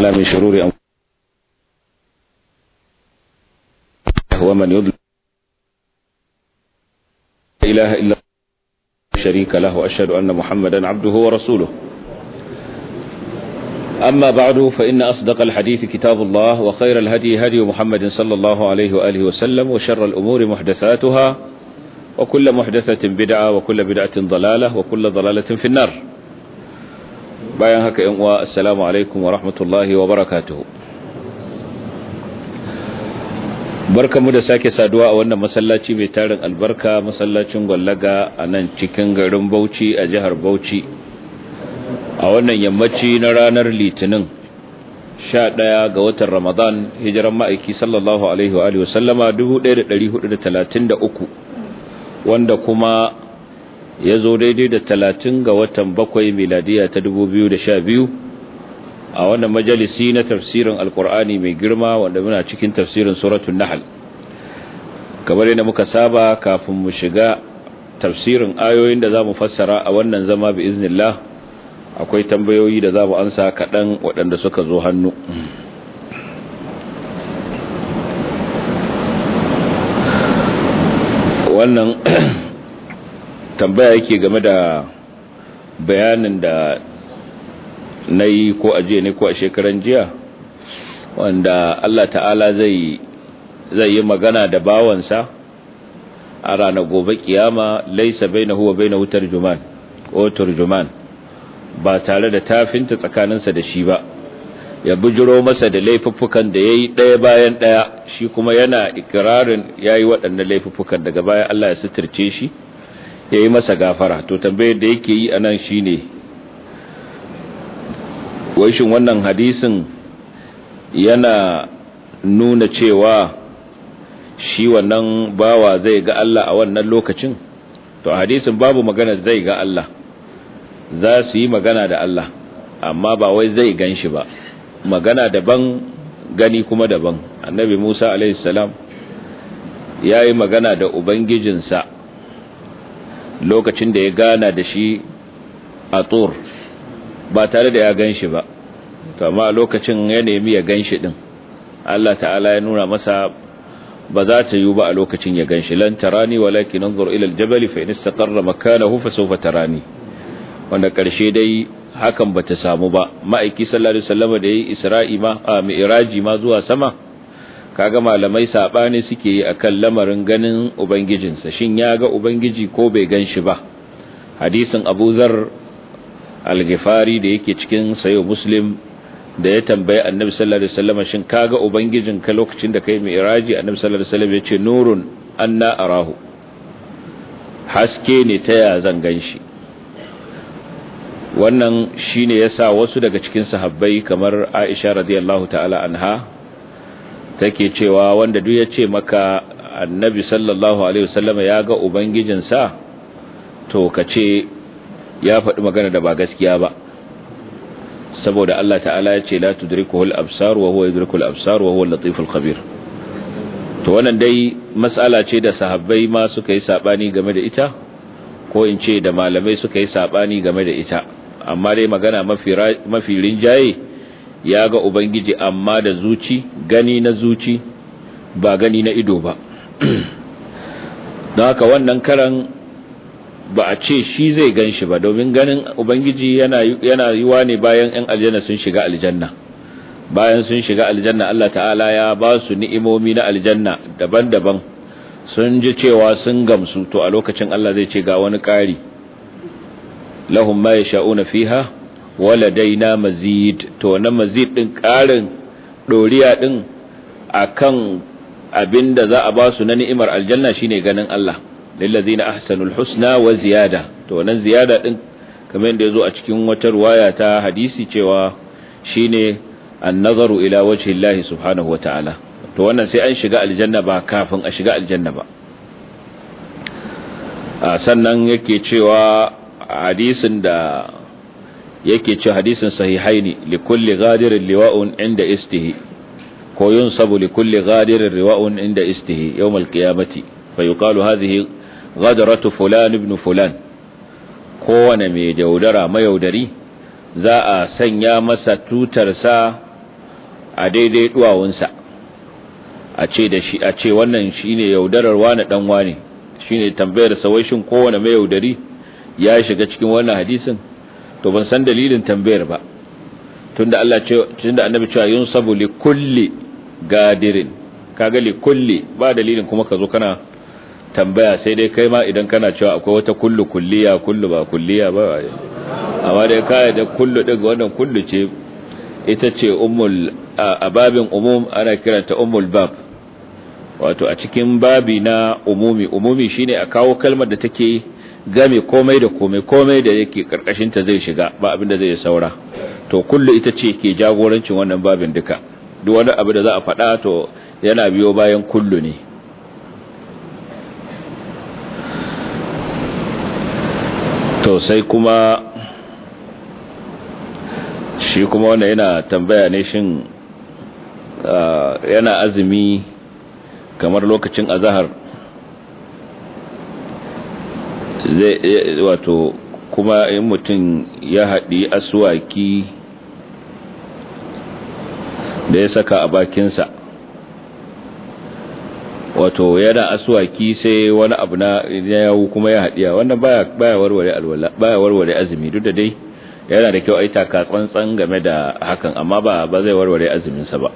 تعالى من شرور هو ومن يضل لا إله إلا شريك له أشهد أن محمدا عبده ورسوله أما بعد فإن أصدق الحديث كتاب الله وخير الهدي هدي محمد صلى الله عليه وآله وسلم وشر الأمور محدثاتها وكل محدثة بدعة وكل بدعة ضلالة وكل ضلالة في النار bayan haka yan uwa assalamu alaikum wa rahmatullahi wa barakatuhu barkamu da sake saduwa a wannan masallaci mai tarin albarka masallacin gwallaga a nan cikin garin Bauchi a jihar Bauchi a wannan yammaci na ranar litinin 11 ga watan Ramadan hijiran ma'aiki sallallahu alaihi wa alihi wasallama 1433 wanda kuma ya zo daidai da talatin ga watan bakwai miladiya ta biyu. a wannan majalisi na tafsirin alkur'ani mai girma wanda muna cikin tafsirin suratun nahal kamar yadda muka saba kafin mu shiga tafsirin ayoyin da za mu fassara a wannan zama bi iznillah akwai tambayoyi da za mu ansa kaɗan waɗanda suka zo hannu wannan tambaya yake game da bayanin da na yi ko a jiya ne ko a shekaran jiya wanda Allah ta'ala zai yi magana da bawansa a ranar gobe kiyama laisa bai na wutar juman ko turjuman ba tare da tafinta tsakaninsa da shi ba ya bujiro masa da laifuffukan da ya yi ɗaya bayan ɗaya shi kuma yana ikirarin ya yi waɗannan laifuffukan daga baya Allah ya suturce shi ya yi masa gafara to tambayar da yake yi anan shine ne waishin wannan hadisin yana nuna cewa shi wannan bawa zai ga Allah a wannan lokacin to hadisin babu magana zai ga Allah za su yi magana da Allah amma ba wai zai gan shi ba magana daban gani kuma daban annabi Musa alaihissalam ya yi magana da ubangijinsa lokacin da ya gana da shi a tsor ba tare da ya gan shi ba amma lokacin ya nemi ya gan shi ɗin Allah ta'ala ya nuna masa ba za ta yi ba a lokacin ya gan shi lan tarani walakin anzur ila aljabal fa in istaqarra makanahu fa sawfa tarani wanda karshe dai hakan bata samu ba ma'aiki sallallahu alaihi wasallam da yi isra'i ma mi'raji ma zuwa sama kaga malamai sabani suke yi akan lamarin ganin ubangijinsa shin ya ga ubangiji ko bai gan shi ba hadisin Abu Zar al-Ghifari da yake cikin sayo Muslim da ya tambaye Annabi sallallahu alaihi wasallam shin kaga ka lokacin da kai mi'raji Annabi sallallahu alaihi wasallam ya ce nurun anna arahu haske ne ta ya zan gan shi wannan shine yasa wasu daga cikin sahabbai kamar Aisha radiyallahu ta'ala anha take cewa wanda duk ya ce maka annabi sallallahu alaihi wasallam ya ga ubangijinsa to ka ce ya faɗi magana da ba gaskiya ba saboda Allah ta'ala ya ce la al absar wa huwa al absar wa huwa al-latiful khabir to wannan dai mas'ala ce da sahabbai ma suka yi sabani game da ita ko in ce da malamai suka yi sabani game da ita amma dai magana mafi mafi rinjaye ya ga ubangiji amma da zuci gani na zuci ba gani na ido ba don haka wannan karan ba a ce shi zai gan shi ba domin ganin ubangiji yana yiwa ne bayan 'yan aljanna sun shiga aljanna bayan sun shiga aljanna Allah ta'ala ya ba su ni'imomi na aljanna daban-daban sun ji cewa sun gamsu to a lokacin Allah zai ce ga wani ƙari lahum ma yasha'una fiha na mazid to na mazid din karin doriya din akan abinda za a ba su na ni'imar aljanna shine ganin Allah lillazina ahsanul husna wa ziyada to wannan ziyada din kamar yadda yazo a cikin wata ruwaya ta hadisi cewa shine an-nazaru ila wajhi Allah subhanahu wataala to wannan sai an shiga aljanna ba kafin a shiga aljanna ba sannan yake cewa hadisin da yake ce hadisin sahihaini li kulli ghadirin liwa'un inda istihi ko yunsabu li kulli ghadirin riwa'un inda istihi yawm al-qiyamati fa yuqalu hadhihi ghadratu fulan ibn fulan kowane mai daudara mayaudari za a sanya masa tutarsa a daidai duwawunsa a ce da shi a ce wannan shine yaudarar wani dan wani shine tambayar sa wai shin kowane mayaudari ya shiga cikin wannan hadisin to ban san dalilin tambayar ba tunda Allah ce tunda annabi cewa yunsabu li kulli gadirin kaga li kulli ba dalilin kuma ka zo kana tambaya sai dai kai ma idan kana cewa akwai wata kullu kulliya kullu ba kulliya ba amma dai kai da kullu din wannan kullu ce ita ce ummul ababin umum ana kiranta ummul bab wato a cikin babi na umumi umumi shine a kawo kalmar da take game komai da komai komai da yake karkashin ta zai shiga ba abin da zai saura to kullu ita ce ke jagorancin wannan babin duka duk wani abu da za a faɗa to yana biyo bayan kullu ne to sai kuma shi kuma wanda yana tambaya ne shin ah, yana azumi kamar lokacin azahar zai wato kuma in mutum ya haɗi aswaki da ya saka a bakinsa wato yana aswaki sai wani abu na yawo kuma ya haɗiya wannan baya warware azumi duk da dai yana da kyau yi taka tsantsan game da hakan amma ba ba zai warware azuminsa ba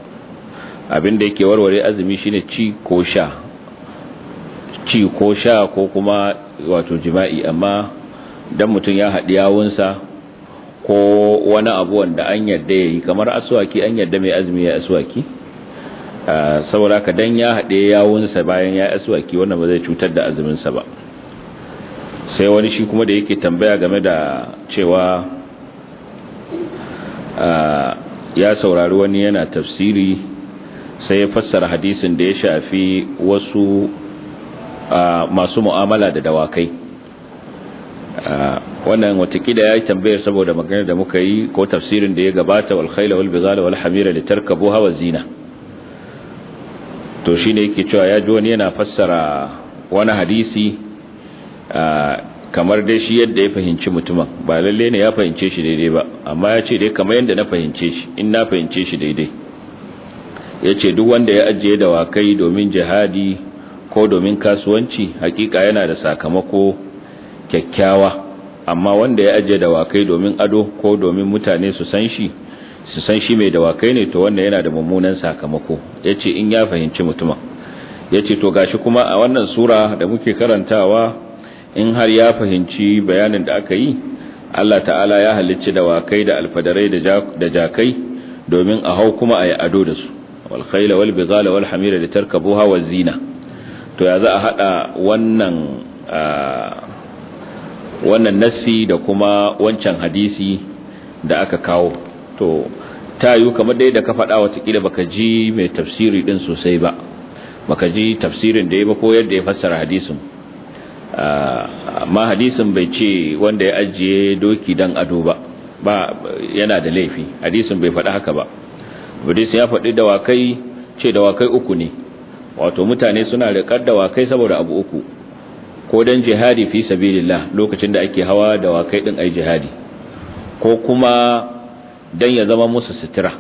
abin da yake warware azumi shine ci ko sha ci ko sha ko kuma wato jima'i amma dan mutum ya haɗi yawunsa ko wani abu wanda an yarda ya yi kamar aswaki an yarda mai azumi ya aswaki saboda ka dan ya haɗe yawunsa bayan ya aswaki wannan ba zai cutar da azuminsa ba sai wani shi kuma da yake tambaya game da cewa ya saurari wani yana tafsiri sai ya fassara hadisin da ya shafi wasu masu mu'amala da dawakai wannan watakila ya yi tambayar saboda maganar da muka yi ko tafsirin da ya gabata wal khayla wal bizala wal hamira li tarkabu hawa zina to shine yake cewa ya ji wani yana fassara wani hadisi kamar dai shi yadda ya fahimci mutumin ba lalle ne ya fahimce shi daidai ba amma ya ce dai kamar yadda na fahimce shi in na fahimce shi daidai ya ce duk wanda ya ajiye dawakai domin jihadi ko domin kasuwanci hakika yana da sakamako kyakkyawa amma wanda ya ajiye dawakai domin ado ko domin mutane su san shi su san shi mai dawakai ne to wanda yana da mummunan sakamako yace in ya fahimci mutumin yace to gashi kuma a wannan sura da muke karantawa in har ya fahimci bayanin da aka yi Allah ta'ala ya halicci dawakai da alfadarai da jakai domin a hau kuma a yi ado da su wal khayla wal da wal hamira litarkabuha wal zina to ya za a hada wannan wannan nassi da kuma wancan hadisi da aka kawo to ta yiwu kamar dai da ka faɗa watakila baka ji mai tafsiri ɗin sosai ba baka ji tafsirin da ya ba ko yadda ya fassara hadisin amma hadisin bai ce wanda ya ajiye doki dan ado ba ba yana da laifi hadisin bai faɗi haka ba hadisin ya faɗi dawakai ce dawakai uku ne wato mutane suna riƙar da wakai saboda abu uku ko don jihadi fi sabilillah lokacin da ake hawa da wakai din ai jihadi ko kuma don ya zama musu sitira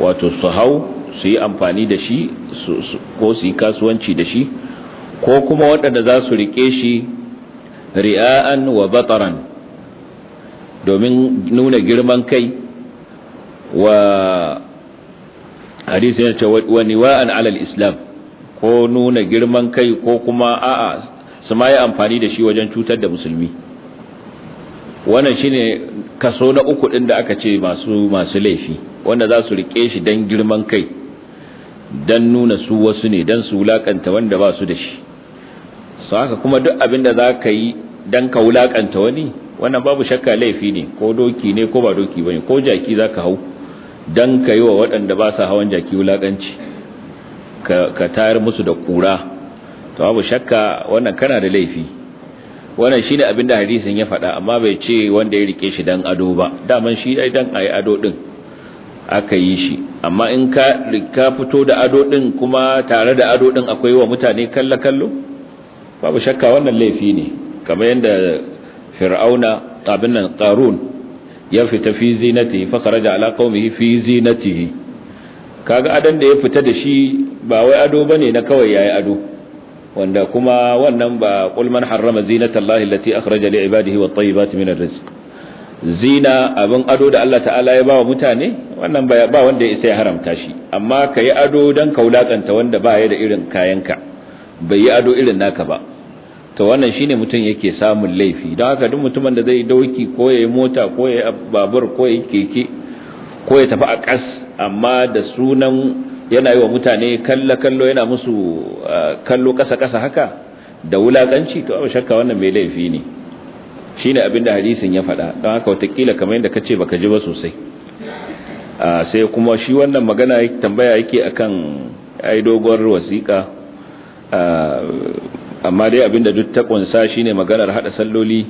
wato su hau su yi amfani da shi ko su yi kasuwanci da shi ko kuma waɗanda za su riƙe shi ri'a'an wa bataran domin nuna girman kai wa hadisi yana cewa wa niwa'an alal islam ko nuna girman kai ko kuma a'a su ma yi amfani da shi wajen cutar da musulmi wannan shine kaso na uku din da aka ce masu masu laifi wanda za su rike shi dan girman kai dan nuna su wasu ne dan su wulakanta wanda ba su da shi su haka kuma duk abin da za ka yi dan ka wulakanta wani wannan babu shakka laifi ne ko doki ne ko ba doki bane ko jaki za ka hau don ka yi wa waɗanda ba sa hawan jaki wulaƙanci ka tayar musu da ƙura to babu shakka wannan kana da laifi wannan shi ne abin da hadisin ya faɗa amma bai ce wanda ya rike shi dan ado ba daman shi ai dan ayi ado din aka yi shi amma in ka fito da ado din kuma tare da ado din akwai wa mutane kalla kallo babu shakka wannan laifi ne kamar yadda fir'auna abin nan qarun ya fita fi zinati fa kharaja ala qaumihi fi zinatihi kaga adan da ya fita da shi ba wai ado bane na kawai yayi ado wanda kuma wannan ba qul man harrama allahi allati akhraja li ibadihi wat tayyibati min arrizq zina abin ado da Allah ta'ala ya bawa mutane wannan ba ba wanda ya isa ya haramta shi amma kai ado dan kaulakanta wanda ba ya da irin kayanka bai yi ado irin naka ba to wannan shine mutum yake samun laifi don haka duk mutumin da zai dauki ko ya yi mota ko ya yi babur ko ya yi keke ko ya tafi a ƙas amma da sunan yana yi wa mutane kalla kallo yana musu eh, kallo kasa kasa haka da wulaƙanci to abu shakka wannan mai laifi ne shine abin da hadisin ya faɗa don haka watakila kamar yadda kace baka ji ba sosai ah, sai kuma shi wannan magana tambaya yake akan ai doguwar wasiƙa ah, amma dai abinda duk ta kunsa shine maganar hada salloli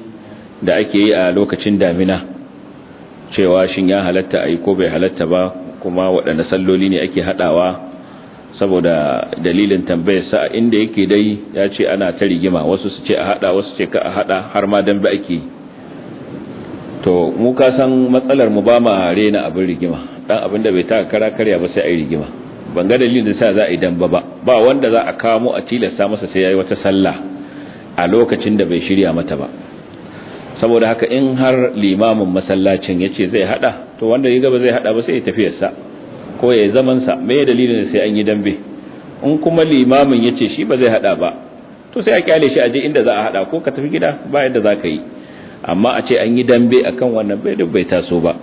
da ake yi a lokacin damina cewa shin ya halatta ayi ko bai halatta ba kuma waɗanne salloli ne ake hadawa saboda dalilin tambayar sa inda yake dai ya ce ana ta rigima wasu su ce a hada wasu ce ka a hada har ma dan ba ake to mu ka san matsalar mu ba ma rena abin rigima dan abin da bai ta kara karya ba sai ai rigima ban ga dalilin da sa za a yi damba ba ba wanda za a kamo a tilasta masa sai yayi wata sallah a lokacin da bai shirya mata ba saboda haka in har limamin masallacin yace zai hada to wanda ya gaba zai hada ba sai ya tafi yasa ko ya zaman sa me dalilin sai an yi dambe in kuma limamin ya ce shi ba zai hada ba to sai a kyale shi a aje inda za a hada ko ka tafi gida ba yadda za ka yi amma a ce an yi dambe akan wannan bai duk bai taso ba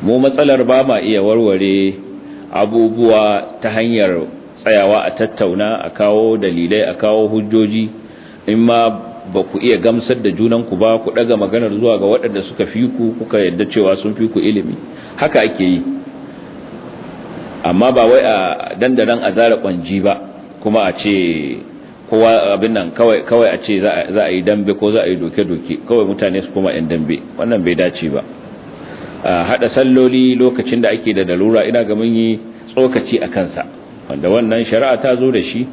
mu matsalar ba ma iya warware abubuwa ta hanyar tsayawa a tattauna a kawo dalilai a kawo hujjoji in ma ba ku iya gamsar da junanku ba ku daga maganar zuwa ga waɗanda suka fi ku kuka yadda cewa sun fi ku ilimi haka ake yi amma ba wai a dandaran a zara kwanji ba kuma a ce kowa abin nan kawai a ce za a yi dambe ko za a yi doke-doke kawai mutane su kuma 'yan dambe wannan bai dace ba hada salloli lokacin da ake da dalura ina ga mun yi tsokaci a kansa wanda wannan shari'a ta zo da shi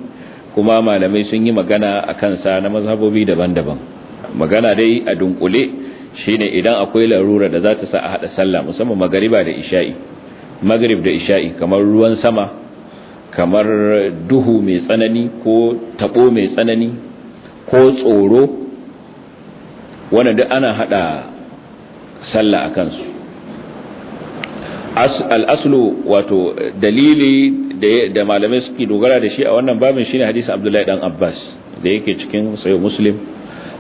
kuma malamai sun yi magana a kansa na mazhabobi daban-daban magana dai a dunkule shine idan akwai larura da za ta sa a hada sallah musamman magariba da isha'i magrib da isha'i kamar ruwan sama kamar duhu mai tsanani ko tabo mai tsanani ko tsoro wanda duk ana hada sallah a kansu al'aslu wato dalili da malamai suke dogara da shi a wannan babin shine hadisin abdullahi dan abbas da yake cikin sayo muslim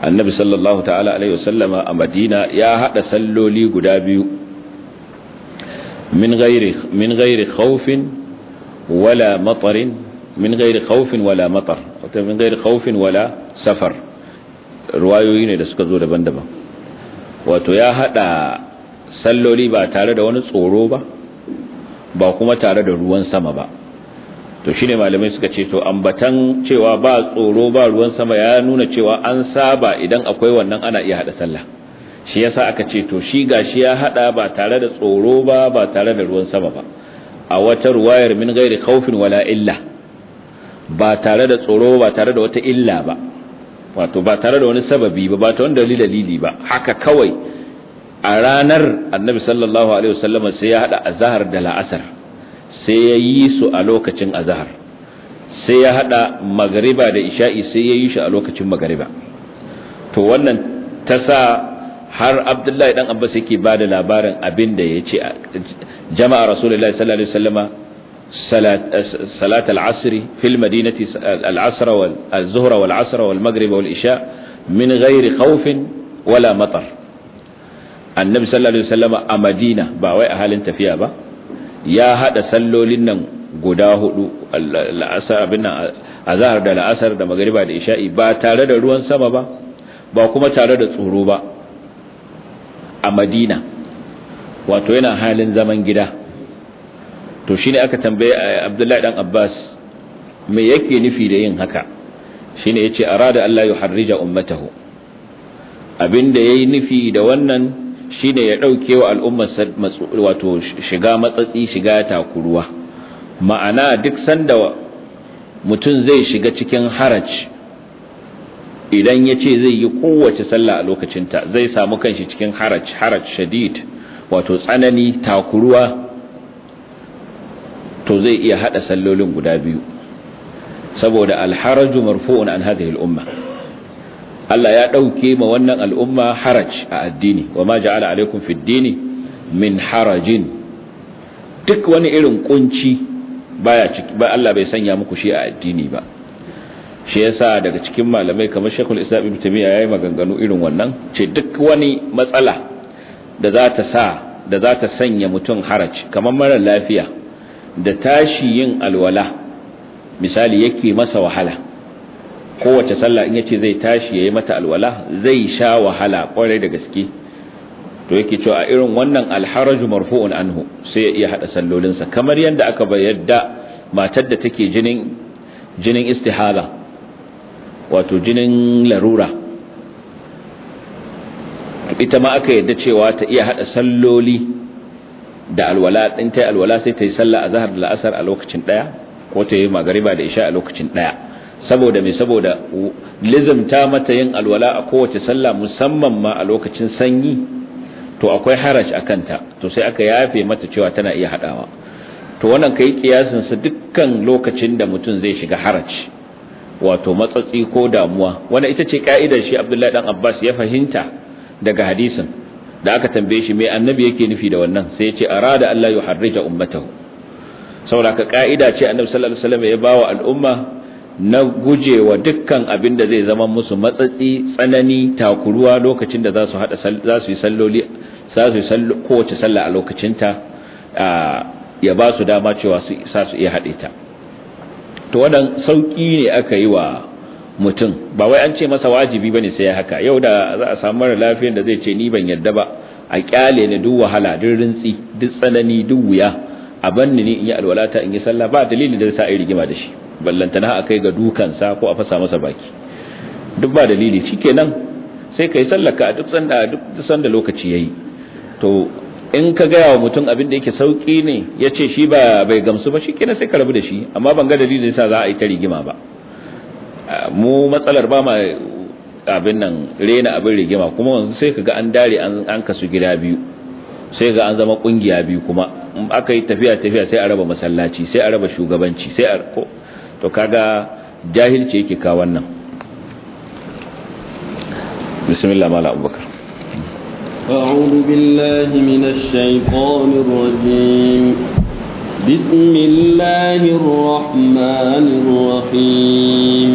annabi sallallahu ta'ala alaihi wasallama a madina ya hada salloli guda biyu min gairi min wala matarin min gairi khawfin wala matar wato min gairi khawfin wala safar ruwayoyi ne da suka zo daban-daban wato ya hada salloli ba tare da wani tsoro ba ba kuma tare da ruwan sama ba to shine malamai suka ce to ambatan cewa ba tsoro ba ruwan sama ya nuna cewa an saba idan akwai wannan ana iya hada sallah shi yasa aka ce to shi gashi ya hada ba tare da tsoro ba ba tare da ruwan sama ba a wata ruwayar min gairi khaufin wala illa ba tare da tsoro ba tare da wata illa ba wato ba tare da wani sababi ba ba ta wani dalili ba haka kawai a ranar annabi sallallahu alaihi wasallama sai ya hada azhar da la'asar sai ya yi su a lokacin azhar sai ya hada magariba da isha'i sai ya yi shi a lokacin magariba to wannan ta sa har abdullahi dan abbas yake ba da labarin abin da ya ce jama'a rasulullahi sallallahu alaihi wasallama salat al-asri fil madinati al-asra wal zuhra wal-asra wal-maghrib wal-isha min ghairi khawfin wala matar annabi sallallahu alaihi wasallama a madina ba wai a halin tafiya ba ya hada sallolin nan guda hudu al'asar abin nan azhar da la'asar da magriba da isha'i ba tare da ruwan sama ba ba kuma tare da tsoro ba a madina wato yana halin zaman gida to shine aka tambaye eh, abdullahi dan abbas me yake nufi da yin haka shine yace arada Allah ya harrija ummatahu abinda yayi nufi da wannan shine ya ɗauke wa al'ummar wato shiga matsatsi shiga takuruwa ma'ana duk sanda mutum zai shiga cikin haraj idan ya ce zai yi kowace sallah a lokacinta zai samu kanshi cikin haraj haraj shadid wato tsanani takuruwa to zai iya haɗa sallolin guda biyu saboda alharaju marfu'un an hadhihi al Allah ya ɗauke ma wannan al'umma haraj a addini wa ma ja'ala alaikum fi min harajin duk wani irin kunci baya ba Allah bai sanya muku shi a addini ba shi yasa daga cikin malamai kamar Sheikhul Islam Ibn Taymiyyah yayi maganganu irin wannan ce duk wani matsala da za ta sa da za ta sanya mutum haraj kamar mara lafiya da tashi yin alwala misali yake masa wahala kowace sallah in yace zai tashi yayi mata alwala zai sha wahala kwarai da gaske to yake cewa a irin wannan alharaju marfu'un anhu sai ya iya hada sallolinsa kamar yadda aka bayyada matar da take jinin jinin istihala wato jinin larura ita ma aka yadda cewa ta iya hada salloli da alwala din ta alwala sai ta yi sallah azhar da la'asar a lokacin daya ko ta yi magariba da isha a lokacin daya saboda mai saboda ta mata yin alwala a kowace sallah musamman ma a lokacin sanyi to akwai harash a kanta to sai aka yafe mata cewa tana iya hadawa to wannan kai kiyasin sa dukkan lokacin da mutum zai shiga haraj wato matsatsi ko damuwa wannan ita ce ka'idar shi Abdullahi dan Abbas ya fahimta daga hadisin da aka tambaye shi me annabi yake nufi da wannan sai ya ce arada Allah yuharrija ummatahu saboda ka ka'ida ce annabi sallallahu alaihi wasallam ya bawa al'umma na gujewa dukkan abin da zai zama musu matsatsi tsanani takuruwa lokacin da za su hada za su yi salloli za su yi kowace sallah a lokacinta ya ba su dama cewa su sa su iya haɗe ta to wadan sauƙi ne aka yi wa mutum ba wai an ce masa wajibi ba bane sai haka yau da za a samu mara lafiyar da zai ce ni ban yarda ba a ƙyale ni duk wahala duk rintsi duk tsanani duk wuya a banni ni in yi alwalata in yi sallah ba dalilin da zai sa a yi rigima da shi ballantana a kai ga dukansa ko a fasa masa baki duk ba dalili nan, sai kai sallaka a duk sanda duk sanda lokaci yayi to in ka gaya wa mutum abin da yake sauki ne ya ce shi ba bai gamsu ba shikenan sai ka rabu da shi amma ban ga dalilin sa za a yi ta rigima ba mu matsalar ba ma abin nan rena abin rigima kuma sai ka ga an dare an kasu gida biyu sai ga an zama kungiya biyu kuma aka yi tafiya tafiya sai a raba masallaci sai a raba shugabanci sai a ko to kaga jahilci yake ka wannan bismillah mala abubakar أعوذ بالله من الشيطان الرجيم بسم الله الرحمن الرحيم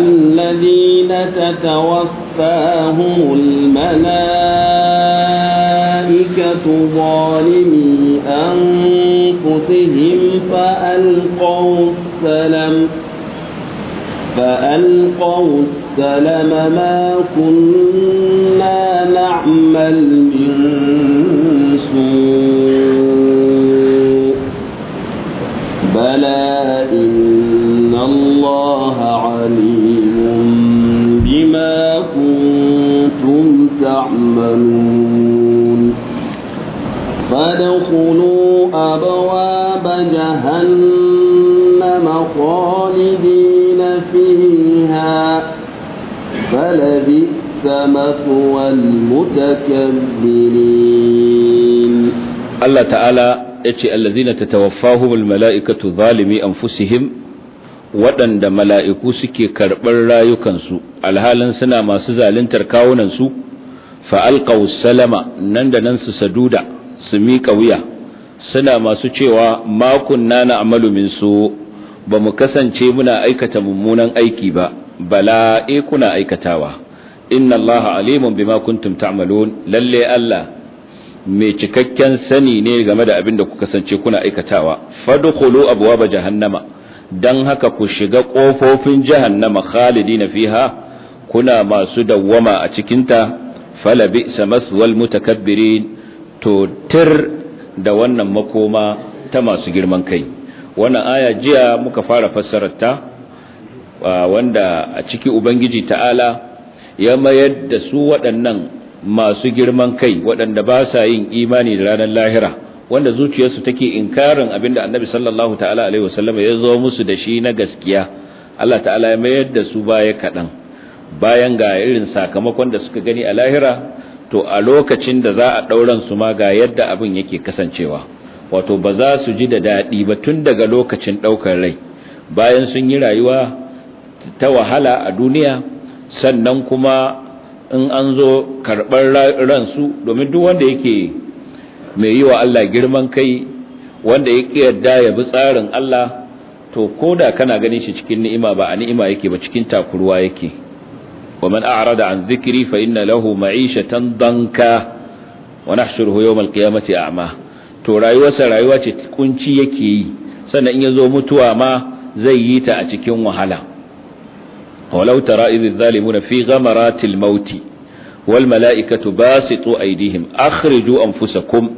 الذين تتوفاهم الملائكة الْمَلَائِكَةُ ظَالِمِي أَنفُسِهِمْ فَأَلْقَوْا السَّلَمَ فألقوا السلم ما كنا نعمل من سوء بلى إن الله عليم بما كنتم تعملون فادخلوا أبواب جهنم خالدين فيها فلبئس مثوى المتكبرين الله تعالى يتي الذين تتوفاهم الملائكة ظالمي أنفسهم waɗanda mala'iku suke karɓar rayukansu alhalin suna masu zalintar kawunansu fa'alƙaus salama nan da nan su saduda su miƙa wuya suna masu cewa makon na bamu min su ba mu kasance muna aikata mummunan aiki ba bala e kuna aikatawa inna allaha alimun bima kuntum ta'malun lalle allah mai cikakken sani ne game da abin da ku kasance kuna aikatawa fadkhulu abwaaba jahannama dan haka ku shiga kofofin jahannama khalidina fiha kuna masu dawwama a cikinta fala bi'sa maswal mutakabbirin to tir da wannan makoma ta masu girman kai wannan aya jiya muka fara fassararta wanda a ciki ubangiji ta'ala ya mayar da su waɗannan masu girman kai waɗanda ba sa yin imani da ranar lahira wanda zuciyarsu take inkarin abinda annabi sallallahu ta'ala alaihi wasallam ya zo musu da shi na gaskiya Allah ta'ala ya mayar da su baya kaɗan bayan ga irin sakamakon da suka gani a lahira to a lokacin da za a ɗauran su ma ga yadda abin yake kasancewa wato ba za su ji da daɗi ba tun daga lokacin ɗaukar rai bayan sun yi rayuwa ta wahala a duniya sannan kuma in an zo karɓar ransu domin duk wanda yake mai yi wa Allah girman kai wanda ya yarda ya bi tsarin Allah to ko da kana ganin shi cikin ni'ima ba a ni'ima yake ba cikin takurwa yake ومن أعرض عن ذكري فإن له معيشة ضنكا ونحشره يوم القيامة أعمى تو رأيوة سرأيوة تكونشي يكي سنة إن يزوم تواما زييت أتكيوم وحلا ولو ترى إذ الظالمون في غمرات الموت والملائكة باسط أيديهم أخرجوا أنفسكم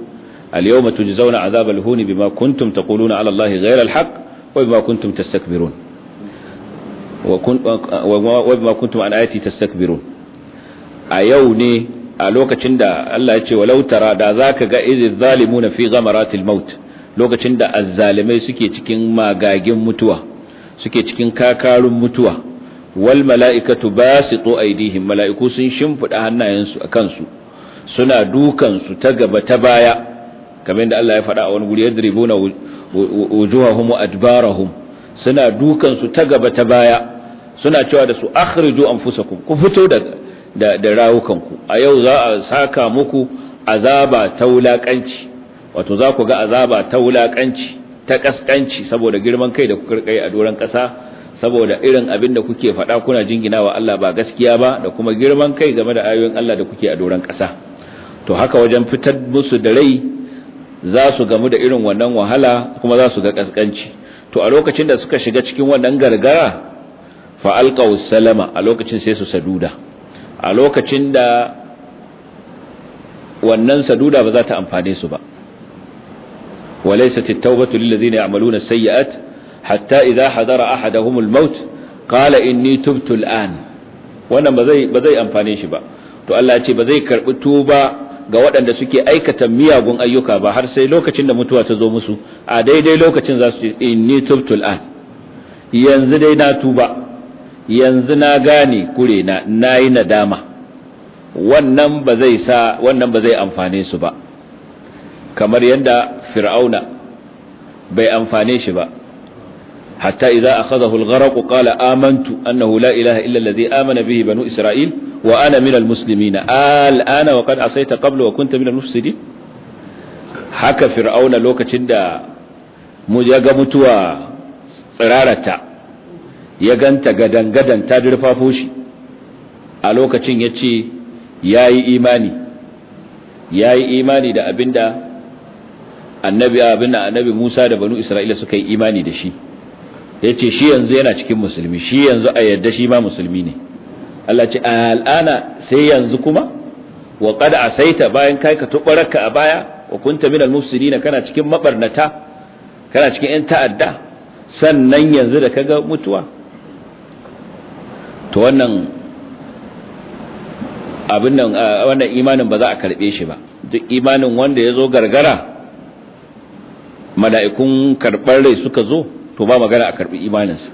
اليوم تجزون عذاب الهون بما كنتم تقولون على الله غير الحق وبما كنتم تستكبرون wa bima kuntum an ayati tastakbirun a yau ne a lokacin da Allah ya ce walau tara da zaka ga idh zalimuna fi ghamaratil maut lokacin da azzalimai suke cikin magagin mutuwa suke cikin kakarun mutuwa wal mala'ikatu basitu aydihim mala'iku sun shimfida hannayensu akan su suna dukan su ta gaba ta baya kamar yadda Allah ya faɗa a wani guri yadribuna wujuhahum wa adbarahum suna dukansu ta gaba ta baya suna cewa da su akhriju anfusakum ku fito da rawukanku a yau za a saka muku azaba ta wulakanci wato za ku ga azaba ta wulakanci ta kaskanci saboda girman kai da kuka kai a doron kasa saboda irin abin da kuke faɗa kuna wa Allah ba gaskiya ba da kuma girman kai game da ayoyin Allah da kuke a doran kasa to haka wajen fitar musu da rai za su gamu da irin wannan wahala kuma za su ga kaskanci to a lokacin da suka shiga cikin wannan gargara fa alqaw salama a lokacin sai su saduda a lokacin da wannan saduda ba za ta amfane su ba walaysat at-taubatu lil ladina ya'maluna sayyiat hatta idha hadara ahaduhum al-maut qala inni tubtu al-an wannan ba zai ba zai amfane shi ba to Allah ya ce ba zai karbi tuba ga waɗanda suke aikata miyagun ayyuka ba har sai lokacin da mutuwa ta zo musu a daidai lokacin za su ce inni tubtul an yanzu dai na tuba yanzu na gane kure na nayi nadama wannan ba zai sa wannan ba zai amfane su ba kamar yadda fir'auna bai amfane shi ba حتى إذا أخذه الغرق قال آمنت أنه لا إله إلا الذي آمن به بنو إسرائيل وأنا من المسلمين الآن وقد عصيت قبل وكنت من المفسدين haka fir'auna lokacin da mu ga mutuwa tsirarata ya ganta gadangadan ta durfafo shi a lokacin ya ce ya yi imani ya yi imani da abinda annabi abinda annabi musa da banu isra'ila suka yi imani da shi ya ce shi yanzu yana cikin musulmi shi yanzu a yarda shi ma musulmi ne Allah ce a al'ana sai yanzu kuma wa qad asaita bayan kai ka tubaraka a baya wa kunta minal mufsidina kana cikin mabarnata kana cikin yan ta'adda sannan yanzu da kaga mutuwa to wannan abin nan wannan imanin ba za a karbe shi ba duk imanin wanda ya zo gargara mala'ikun karɓar rai suka zo to ba magana a karbi imaninsa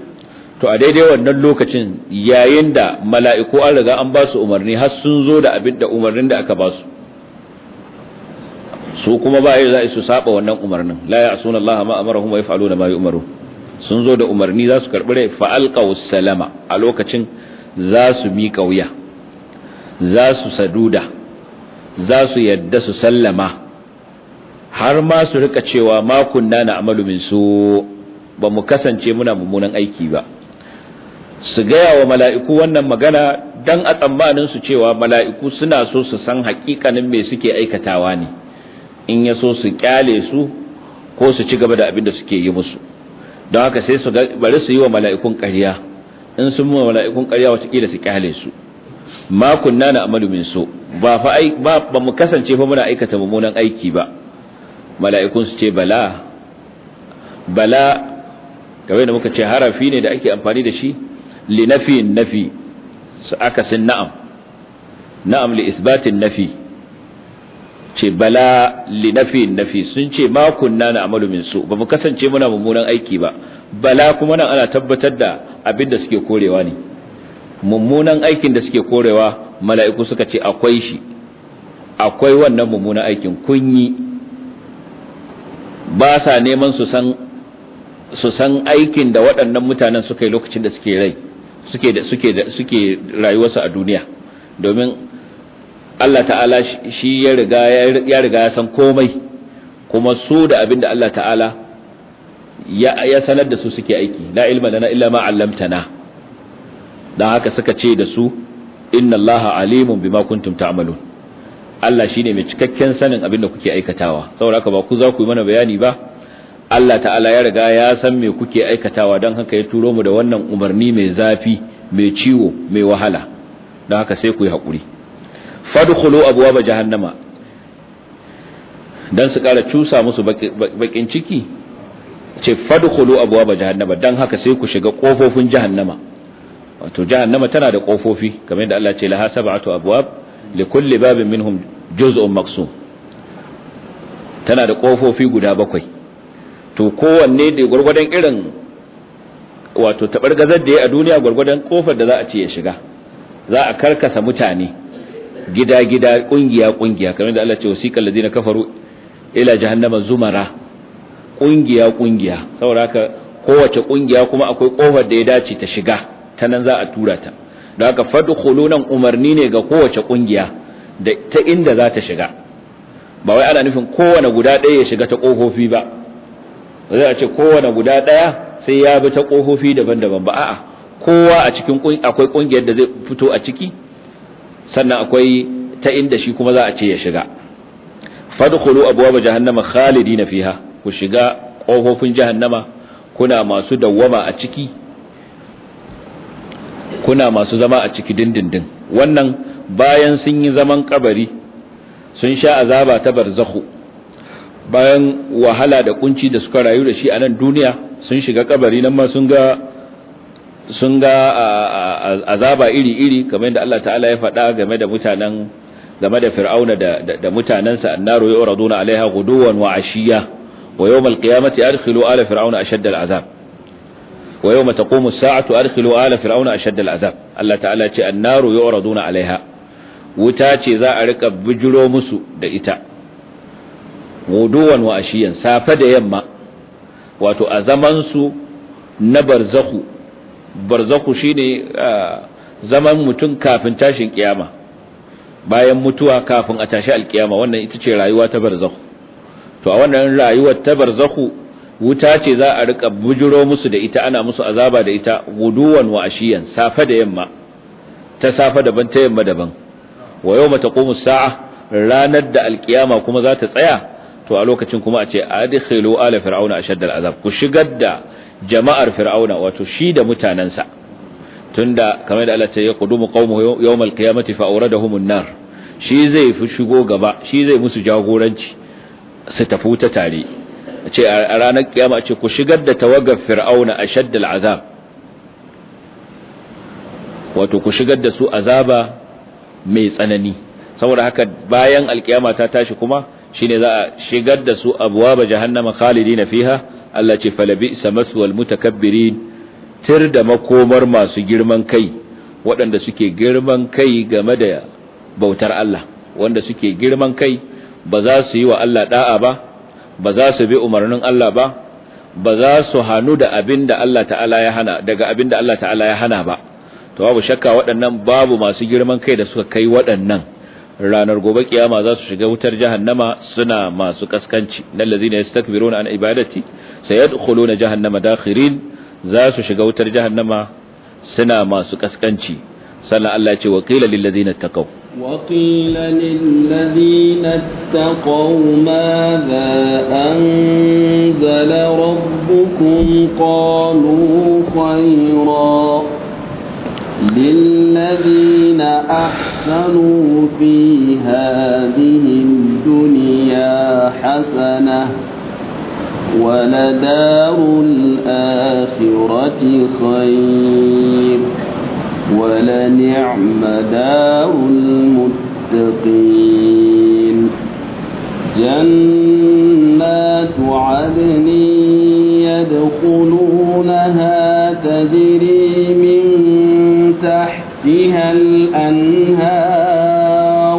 to a daidai wannan lokacin yayin da mala'iku an riga an ba su umarni har sun zo da abin da umarnin da aka ba su su kuma ba za su saba wannan umarnin la ya asuna Allah ma amarahum wa yaf'aluna ma yu'maru sun zo da umarni za su karbi rai fa alqaw salama a lokacin za su mi kauya za su saduda za su yadda su sallama har ma su rika cewa ma kunna na amalu min su ba mu kasance muna mummunan aiki ba su gaya wa mala'iku wannan magana don a tsammanin su cewa mala'iku suna so su san haƙiƙanin me suke aikatawa ne in ya so su kyale su ko su ci gaba da abin da suke yi musu don haka sai su bari su yi wa mala'ikun ƙarya in sun wa mala'ikun ƙarya watakila su kyale su ma kunna na amalu min so ba fa ba mu kasance fa muna aikata mummunan aiki ba mala'ikun su ce bala bala game da muka ce harafi ne da ake amfani da shi li nafi nafi su akasin na'am na'am li isbatin nafi ce bala li nafi nafi sun ce ma kunna na amalu min su ba mu kasance muna mummunan aiki ba bala kuma nan ana tabbatar da abin da suke korewa ne mummunan aikin da suke korewa mala'iku suka ce akwai shi akwai wannan mummunan aikin kunyi ba sa neman su san su san aikin da waɗannan mutanen suka yi lokacin da suke rai suke da suke da suke rayuwarsu a duniya domin Allah ta'ala shi ya riga ya riga ya san komai kuma su da abin da Allah ta'ala ya ya sanar da su suke aiki la ilma lana illa ma 'allamtana dan haka suka ce da su inna Allaha alimun bima kuntum ta'malun Allah shine mai cikakken sanin abin da kuke aikatawa saboda haka ba ku za ku yi mana bayani ba Allah ta'ala ya riga ya san me kuke aikatawa don haka ya turo mu da wannan umarni mai zafi mai ciwo mai wahala don haka sai ku yi haƙuri fadkhulu abwaaba jahannama dan su ƙara cusa musu bakin ciki ce fadkhulu abwaaba jahannama dan haka sai ku shiga kofofin jahannama wato jahannama tana da kofofi kamar yadda Allah ce laha sab'atu abwab kulli babin minhum juz'un maqsum tana da kofofi guda bakwai to kowanne da gwargwadon irin wato tabar gazar da ya a duniya gwargwadon kofar da za a ce ya shiga za a karkasa mutane gida gida kungiya kungiya kamar da Allah ce wasiqal ladina kafaru ila jahannama zumara kungiya kungiya saboda haka kowace kungiya kuma akwai kofar da ya dace ta shiga ta nan za a tura ta don haka fadkhulu nan umarni ne ga kowace kungiya da ta inda za ta shiga ba wai ana nufin kowane guda ɗaya ya shiga ta kofofi ba ba zai a ce kowane guda ɗaya sai ya bi ta ƙofofi daban-daban ba a'a kowa a cikin akwai ƙungiyar da zai fito a ciki sannan akwai ta inda shi kuma za a ce ya shiga fadkhulu abwaaba jahannama khalidin fiha ku shiga ƙofofin jahannama kuna masu dawwama a ciki kuna masu zama a ciki dindindin wannan bayan sun yi zaman kabari sun sha azaba ta barzakhu bayan wahala da kunci da suka rayu da shi a nan duniya sun shiga kabari nan ma sun ga sun ga azaba iri-iri kamar da Allah ta'ala ya faɗa game da mutanen game da fir'auna da mutanensa annaru ya uraduna alaiha guduwan wa ashiya wa yawmal qiyamati adkhilu ala fir'auna ashadda al'azab wa yawma taqumu as-sa'atu adkhilu ala fir'auna ashadda al'azab Allah ta'ala ya ce annaru ya uraduna alaiha wuta ce za a rika bijiro musu da ita guduwan wa ashiyan safe da yamma wato a zaman su na Barzaku barzaku shine zaman mutum kafin tashin kiyama bayan mutuwa kafin a tashi alkiyama wannan ita ce rayuwa ta Barzaku to a wannan rayuwar ta Barzaku wuta ce za a rika bujiro musu da ita ana musu azaba da ita guduwan wa ashiyan safe da yamma ta safe daban ta yamma daban wa yawma taqumu sa'a ranar da alkiyama kuma za ta tsaya to a lokacin kuma a ce adkhilu ala fir'auna ashaddal azab ku shigar da jama'ar fir'auna wato shi da mutanansa tunda kamar da Allah ta yi qudumu qaumu yawmal qiyamati fa awradahumun nar shi zai fi shigo gaba shi zai musu jagoranci su tafi wuta tare ce a ranar kiyama ce ku shigar da tawagar fir'auna ashaddal azab wato ku shigar da su azaba mai tsanani saboda haka bayan alkiyama ta tashi kuma shine za a shigar da su abwaba jahannama khalidina fiha Allah ce falabi samaswal mutakabbirin tir da makomar masu girman kai waɗanda suke girman kai game da bautar Allah wanda suke girman kai ba za su yi wa Allah da'a ba ba za su bi umarnin Allah ba ba za su hannu da abin da Allah ta'ala ya hana daga abin Allah ta'ala ya hana ba to babu shakka waɗannan babu masu girman kai da suka kai waɗannan ranar gobe kiyama za su shiga wutar jahannama suna masu kaskanci allazina yastakbiruna an ibadati sayadkhuluna jahannama dakhirin za su shiga wutar jahannama suna masu kaskanci sannan Allah ya ce wa qila lil ladina taqaw wa qila lil ladina taqaw ma za anzala rabbukum qalu للذين أحسنوا في هذه الدنيا حسنة ولدار الآخرة خير ولنعم دار المتقين جنات عدن يدخلونها تجري تحتها الأنهار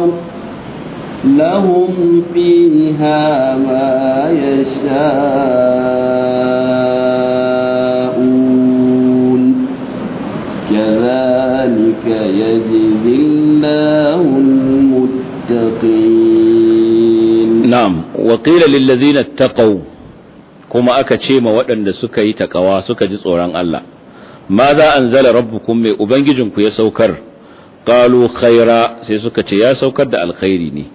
لهم فيها ما يشاءون كذلك يجزي الله المتقين نعم وقيل للذين اتقوا كما aka ce ma waɗanda suka yi takawa ma za an zala rabbukum mai ubangijinku ya saukar qalu khaira sai suka ce ya saukar da alkhairi ne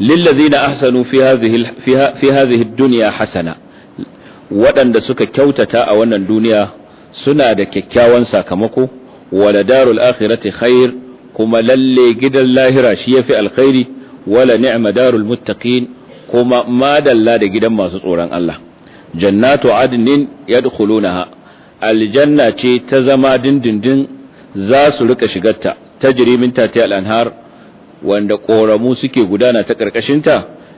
lillazina ahsanu fi hadhihi fi hasana waɗanda suka kyautata a wannan duniya suna da kyakkyawan sakamako wala darul akhirati khair kuma lalle gidan lahira shi yafi alkhairi wala ni'ma darul muttaqin kuma madalla da gidan masu tsoron Allah jannatu adnin yadkhulunaha aljanna ce ta zama dindindin za su rika shigarta ta jirimin tati lanhar wanda ƙoramu suke gudana ta ƙarƙashinta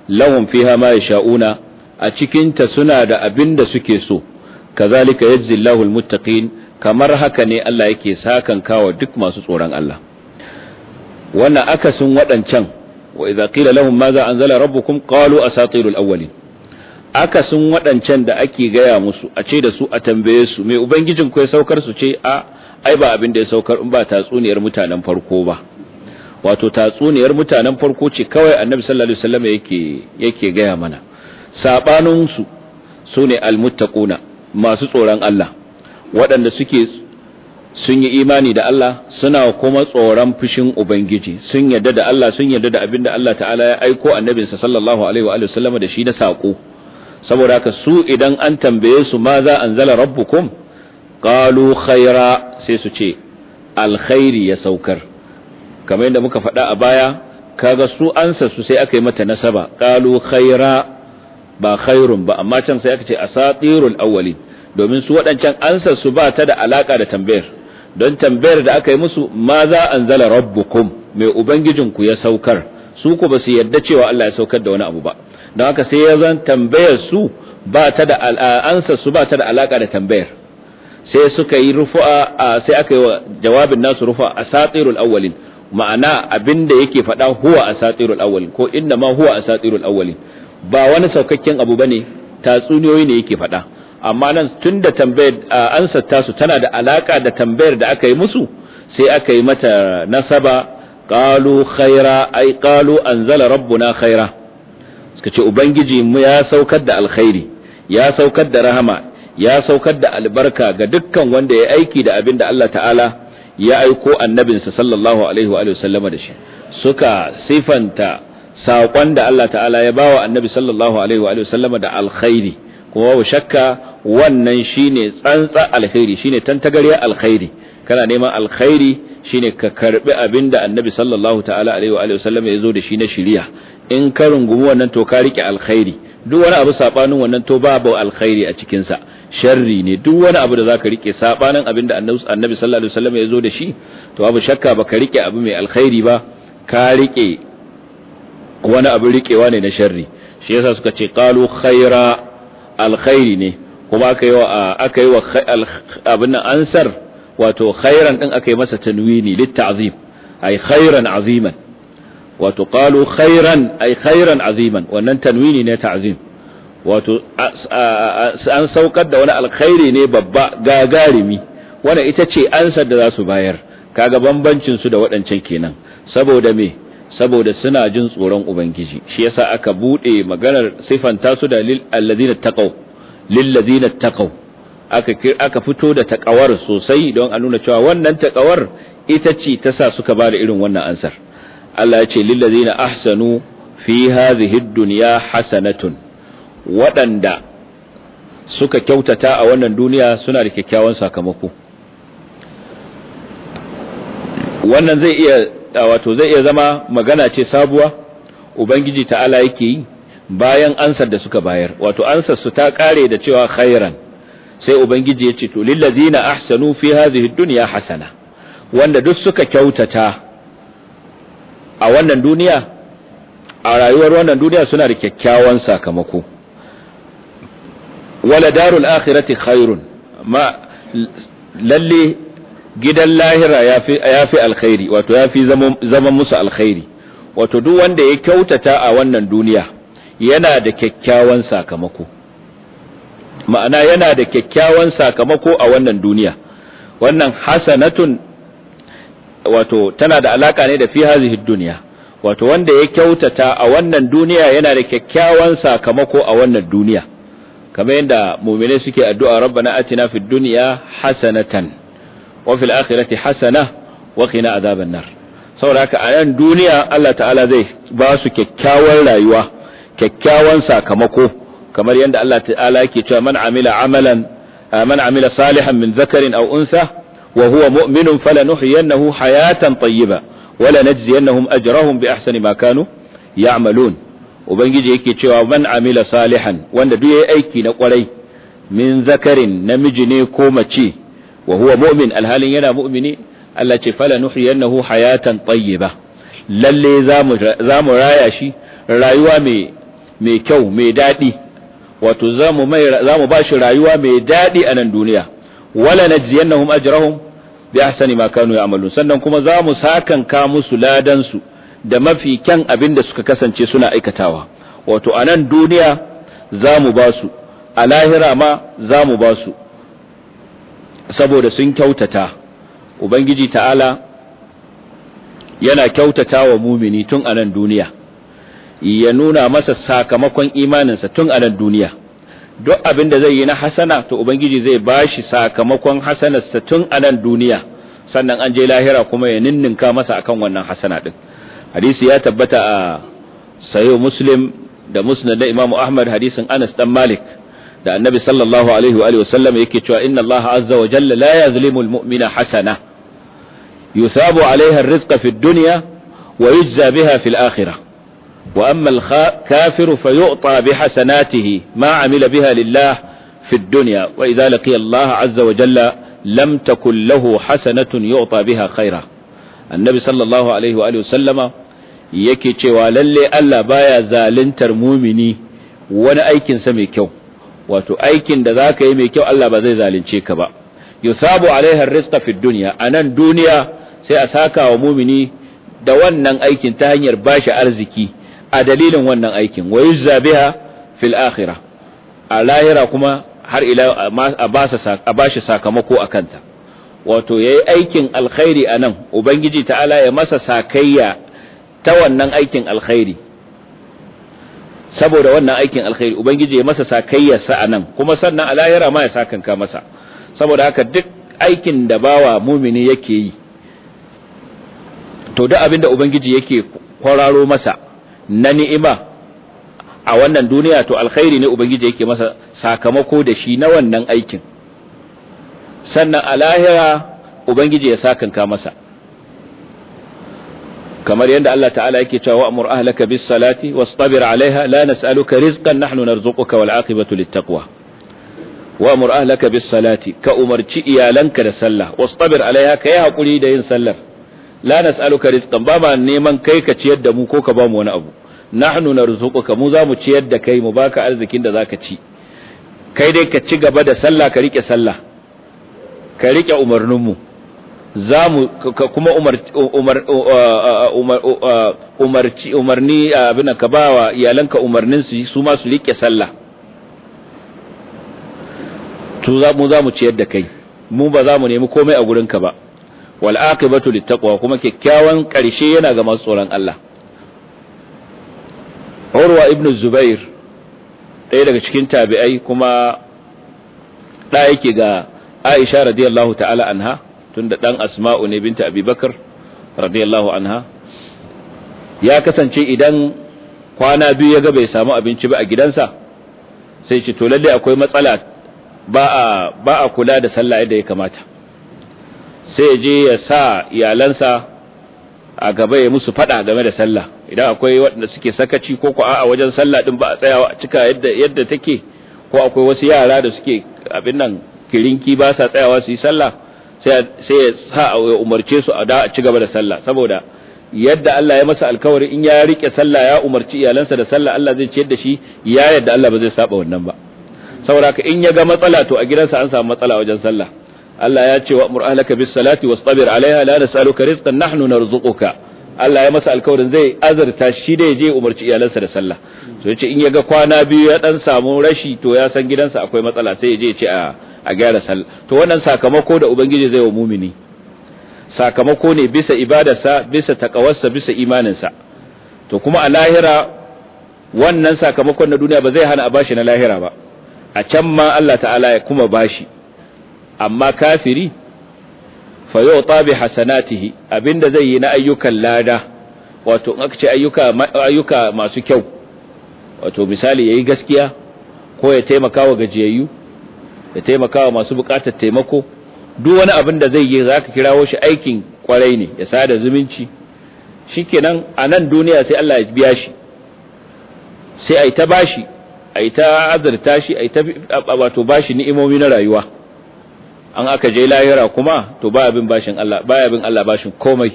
fi fiha ma sha'una a cikinta suna da abin da suke so kazalika yajzillahu almuttaqin kamar haka ne Allah yake sakan kawa duk masu tsoron Allah wannan akasin waɗancan wa idza qila lahum maza anzala rabbukum qalu asatirul awwalin sun waɗancan da ake gaya musu a ce da su a tambaye su mai ubangijin ku ya saukar su ce a ai ba abin da ya saukar in ba tatsuniyar mutanen farko ba wato tatsuniyar mutanen farko ce kawai annabi sallallahu alaihi wasallam yake yake gaya mana sabanin su sune almuttaquna masu tsoron Allah waɗanda suke sun yi imani da Allah suna kuma tsoron fushin Ubangiji sun yarda da Allah sun yarda da abin da Allah ta'ala ya aiko annabinsa sallallahu alaihi wa sallam da shi na sako saboda haka su idan an tambaye su ma za zala rabbukum qalu khaira sai su ce alkhairi ya saukar kamar yadda muka faɗa a baya kaga su ansa su sai aka yi mata nasaba qalu khaira ba khairun ba amma can sai aka ce asatirul awali domin su waɗancan ansa su ba ta da alaka da tambayar don tambayar da aka yi musu ma za anzala rabbukum mai ubangijinku ya saukar su ku ba su yarda cewa Allah ya saukar da wani abu ba don haka sai ya zan tambayar su ba ta da al'ansa su ba ta da alaka da tambayar sai suka yi rufa'a sai aka yi wa jawabin nasu rufa asatirul awwalin ma'ana abinda yake faɗa huwa asatirul awwalin ko inna ma huwa asatirul awwalin ba wani saukakken abu bane tatsuniyoyi ne yake faɗa amma nan tunda tambayar ansa tasu tana da alaka da tambayar da aka yi musu sai aka yi mata nasaba qalu khaira ai qalu anzala rabbuna khaira suka ce ubangiji mu ya saukar da alkhairi ya saukar da rahama ya saukar da albarka ga dukkan wanda ya aiki da abin da Allah ta'ala ya aiko annabinsa sallallahu alaihi wa sallama da shi suka sifanta saƙon da Allah ta'ala ya bawa annabi sallallahu alaihi wa sallama da alkhairi kuma babu shakka wannan shine tsantsa alkhairi shine tantagariyar alkhairi kana neman alkhairi shine ka karbi abinda annabi sallallahu ta'ala alaihi wa alihi wasallam ya zo da shi na shari'a in ka rungumi wannan to ka rike alkhairi duk wani abu sabanin wannan to babu alkhairi a cikin sa sharri ne duk wani abu da zaka rike sabanin abinda annabi annabi sallallahu alaihi sallam ya zo da shi to babu shakka ka rike abu mai alkhairi ba ka rike wani abu rikewa ne na sharri shi yasa suka ce qalu khaira alkhairi ne kuma aka yi wa aka yi wa abin ansar wato khairan din aka yi masa tanwini litta'zim ay khairan aziman wato qalu khairan ay khairan aziman wannan tanwini ne ta'zim wato an saukar da wani alkhairi ne babba gagarimi wannan ita ce ansar da za su bayar kaga bambancin su da waɗancan kenan saboda me saboda suna jin tsoron ubangiji shi yasa aka bude maganar sifanta su da lil alladhina taqaw lil ladina taqaw aka fito da takawar sosai don a nuna cewa wannan takawar ita ce ta sa suka ba da irin wannan ansar Allah ya ce na ahsanu fi hadhihi dunya hasanatun waɗanda suka kyautata a wannan duniya suna da kyakkyawan sakamako wannan zai iya wato zai iya zama magana ce sabuwa ubangiji ta'ala yake yi bayan ansar da suka bayar wato ansar su ta kare da cewa khairan sai ubangiji ya ce to lillazina ahsanu fi hadhihi dunya hasana wanda duk suka kyautata a wannan duniya a rayuwar wannan duniya suna da kyakkyawan sakamako wala darul akhirati khairun ma lalle gidan lahira yafi alkhairi wato yafi zaman musu alkhairi wato duk wanda ya kyautata a wannan duniya yana da kyakkyawan sakamako ma'ana yana da kyakkyawan sakamako a wannan duniya wannan hasanatun wato tana da alaka ne da fi hazihi duniya wato wanda ya kyautata a wannan duniya yana da kyakkyawan sakamako a wannan duniya kamar yadda mu'minai suke addu'a rabbana atina fid dunya hasanatan wa fil akhirati hasana wa qina adhaban nar saboda haka a nan duniya Allah ta'ala zai ba su kyakkyawar rayuwa kyakkyawan sakamako kamar yadda Allah ta'ala yake cewa man amila amalan man amila salihan min zakarin aw unsa wa huwa mu'minun falanuhyiyannahu hayatan tayyiba wa lanajziyannahum ajrahum bi ahsani ma kanu ya'malun ubangiji yake cewa man amila salihan wanda duk yayi aiki na kwarai min zakarin namiji ne ko mace wa huwa mu'min alhalin yana mu'mini Allah ce falanuhyiyannahu hayatan tayyiba lalle za mu raya shi rayuwa mai kyau mai daɗi wato zamu mai zamu bashi rayuwa mai daɗi a nan duniya wala najziyannahum ajrahum bi ahsani ma kanu ya'malun sannan kuma zamu sakanka musu ladan su da mafi kyan abin da suka kasance suna aikatawa wato a nan duniya zamu ba su a lahira ma zamu ba su saboda sun kyautata ubangiji ta'ala yana kyautata wa mumini tun a nan duniya ya nuna masa sakamakon imaninsa tun a nan duniya duk abin da zai yi na hasana to ubangiji zai bashi sakamakon hasanarsa tun a nan duniya sannan an je lahira kuma ya ninninka masa akan wannan hasana din hadisi ya tabbata a sayo muslim da musnad da imamu ahmad hadisin anas dan malik da annabi sallallahu alaihi wa sallam yake cewa inna allaha azza wa jalla la yazlimu almu'mina hasana yusabu alaiha arrizqa fid dunya wa yujza biha fil akhirah وأما الكافر فيؤطى بحسناته ما عمل بها لله في الدنيا وإذا لقي الله عز وجل لم تكن له حسنة يؤطى بها خيرا النبي صلى الله عليه وآله وسلم يكي چوالا لألا بايا زالن ترمومني وانا ايكن سمي كو واتو ايكن دذاك يمي كو ألا بزي زالن چيكا با يثاب عليها الرزق في الدنيا انان دنيا سيأساكا ومومني دوانا ايكن تهنير باش ارزكي a dalilin wannan aikin wa yuzza biha fil akhirah a lahira kuma har ila a bashi sakamako a kanta wato yayi aikin alkhairi anan ubangiji ta'ala ya masa sakayya ta wannan aikin alkhairi saboda wannan aikin alkhairi ubangiji ya masa sakayya sa anan kuma sannan a lahira ma ya sakanka masa saboda haka duk aikin da bawa mumini yake yi to duk abinda ubangiji yake kwararo masa na ni'ima a wannan duniya to alkhairi ne ubangiji yake masa sakamako da shi na wannan aikin sannan a lahira ubangiji ya sakanka masa kamar yadda Allah ta'ala yake cewa wa'mur ahlaka bis salati wastabir 'alayha la nas'aluka rizqan nahnu narzuquka wal 'aqibatu lit taqwa wa'mur ahlaka bis salati ka umarci iyalanka da sallah wastabir 'alayha ka yi hakuri da yin sallar la nas'aluka rizqan ba ma neman kai ka ciyar da mu ko ka ba mu wani abu nahnu narzuquka mu za mu ciyar da kai mu baka arzikin da zaka ci kai dai ka ci gaba da sallah ka rike sallah ka rike umarnin mu za mu kuma umarni abin ka ba wa iyalanka umarnin su su ma su rike sallah to za mu za mu ciyar da kai mu ba za mu nemi komai a gurinka ba wal aqibatu littaqwa kuma kyakkyawan karshe yana ga masu tsoron Allah Urwa ibn Zubair ɗaya daga cikin tabi'ai kuma da yake ga Aisha radiyallahu ta'ala anha tunda dan Asma'u ne binta Abi Bakar radiyallahu anha ya kasance idan kwana biyu ya ga bai samu abinci ba a gidansa sai ce to lalle akwai matsala ba a ba a kula da sallah yadda ya kamata sai je ya sa iyalansa a gaba ya musu fada game da sallah idan akwai waɗanda suke sakaci ko ko a wajen sallah din ba a tsayawa cika yadda yadda take ko akwai wasu yara da suke abin nan kirinki ba sa tsayawa su yi sallah sai sai ya sa a umarce su a da a ci gaba da sallah saboda yadda Allah ya masa alkawari in ya rike sallah ya umarci iyalansa da sallah Allah zai ciyar da shi ya yadda Allah ba zai saba wannan ba saboda in ya ga matsala to a gidansa an samu matsala wajen sallah Allah ya ce wa amur ahlaka bis salati wastabir alaiha la nas'aluka rizqan nahnu narzuquka Allah ya masa alkawarin zai azurta shi da je umarci iyalansa da sallah so yace in yaga kwana biyu ya dan samu rashi to ya san gidansa akwai matsala sai ya je ce a a gyara sallah to wannan sakamako da ubangiji zai wa mumini sakamako ne bisa ibadarsa bisa takawarsa bisa imaninsa to kuma a lahira wannan sakamakon na duniya ba zai hana a bashi na lahira ba a can ma Allah ta'ala ya kuma bashi amma kafiri fa Hassana bi hasanatihi abinda zai yi na ayyukan lada wato in aka ce ayyuka masu kyau wato misali ya yi gaskiya ko ya taimaka wa gajiyayyu ya taimaka wa masu bukatar taimako duk wani abin da zai yi za zaka kirawo shi aikin kwarai ne ya sa da zumunci shikenan a nan duniya sai Allah ya biya shi sai yi ta bashi yi ta azarta shi yi ta wato bashi ni'imomi na rayuwa an aka je lahira kuma to baya bin bashin Allah baya bin Allah bashin komai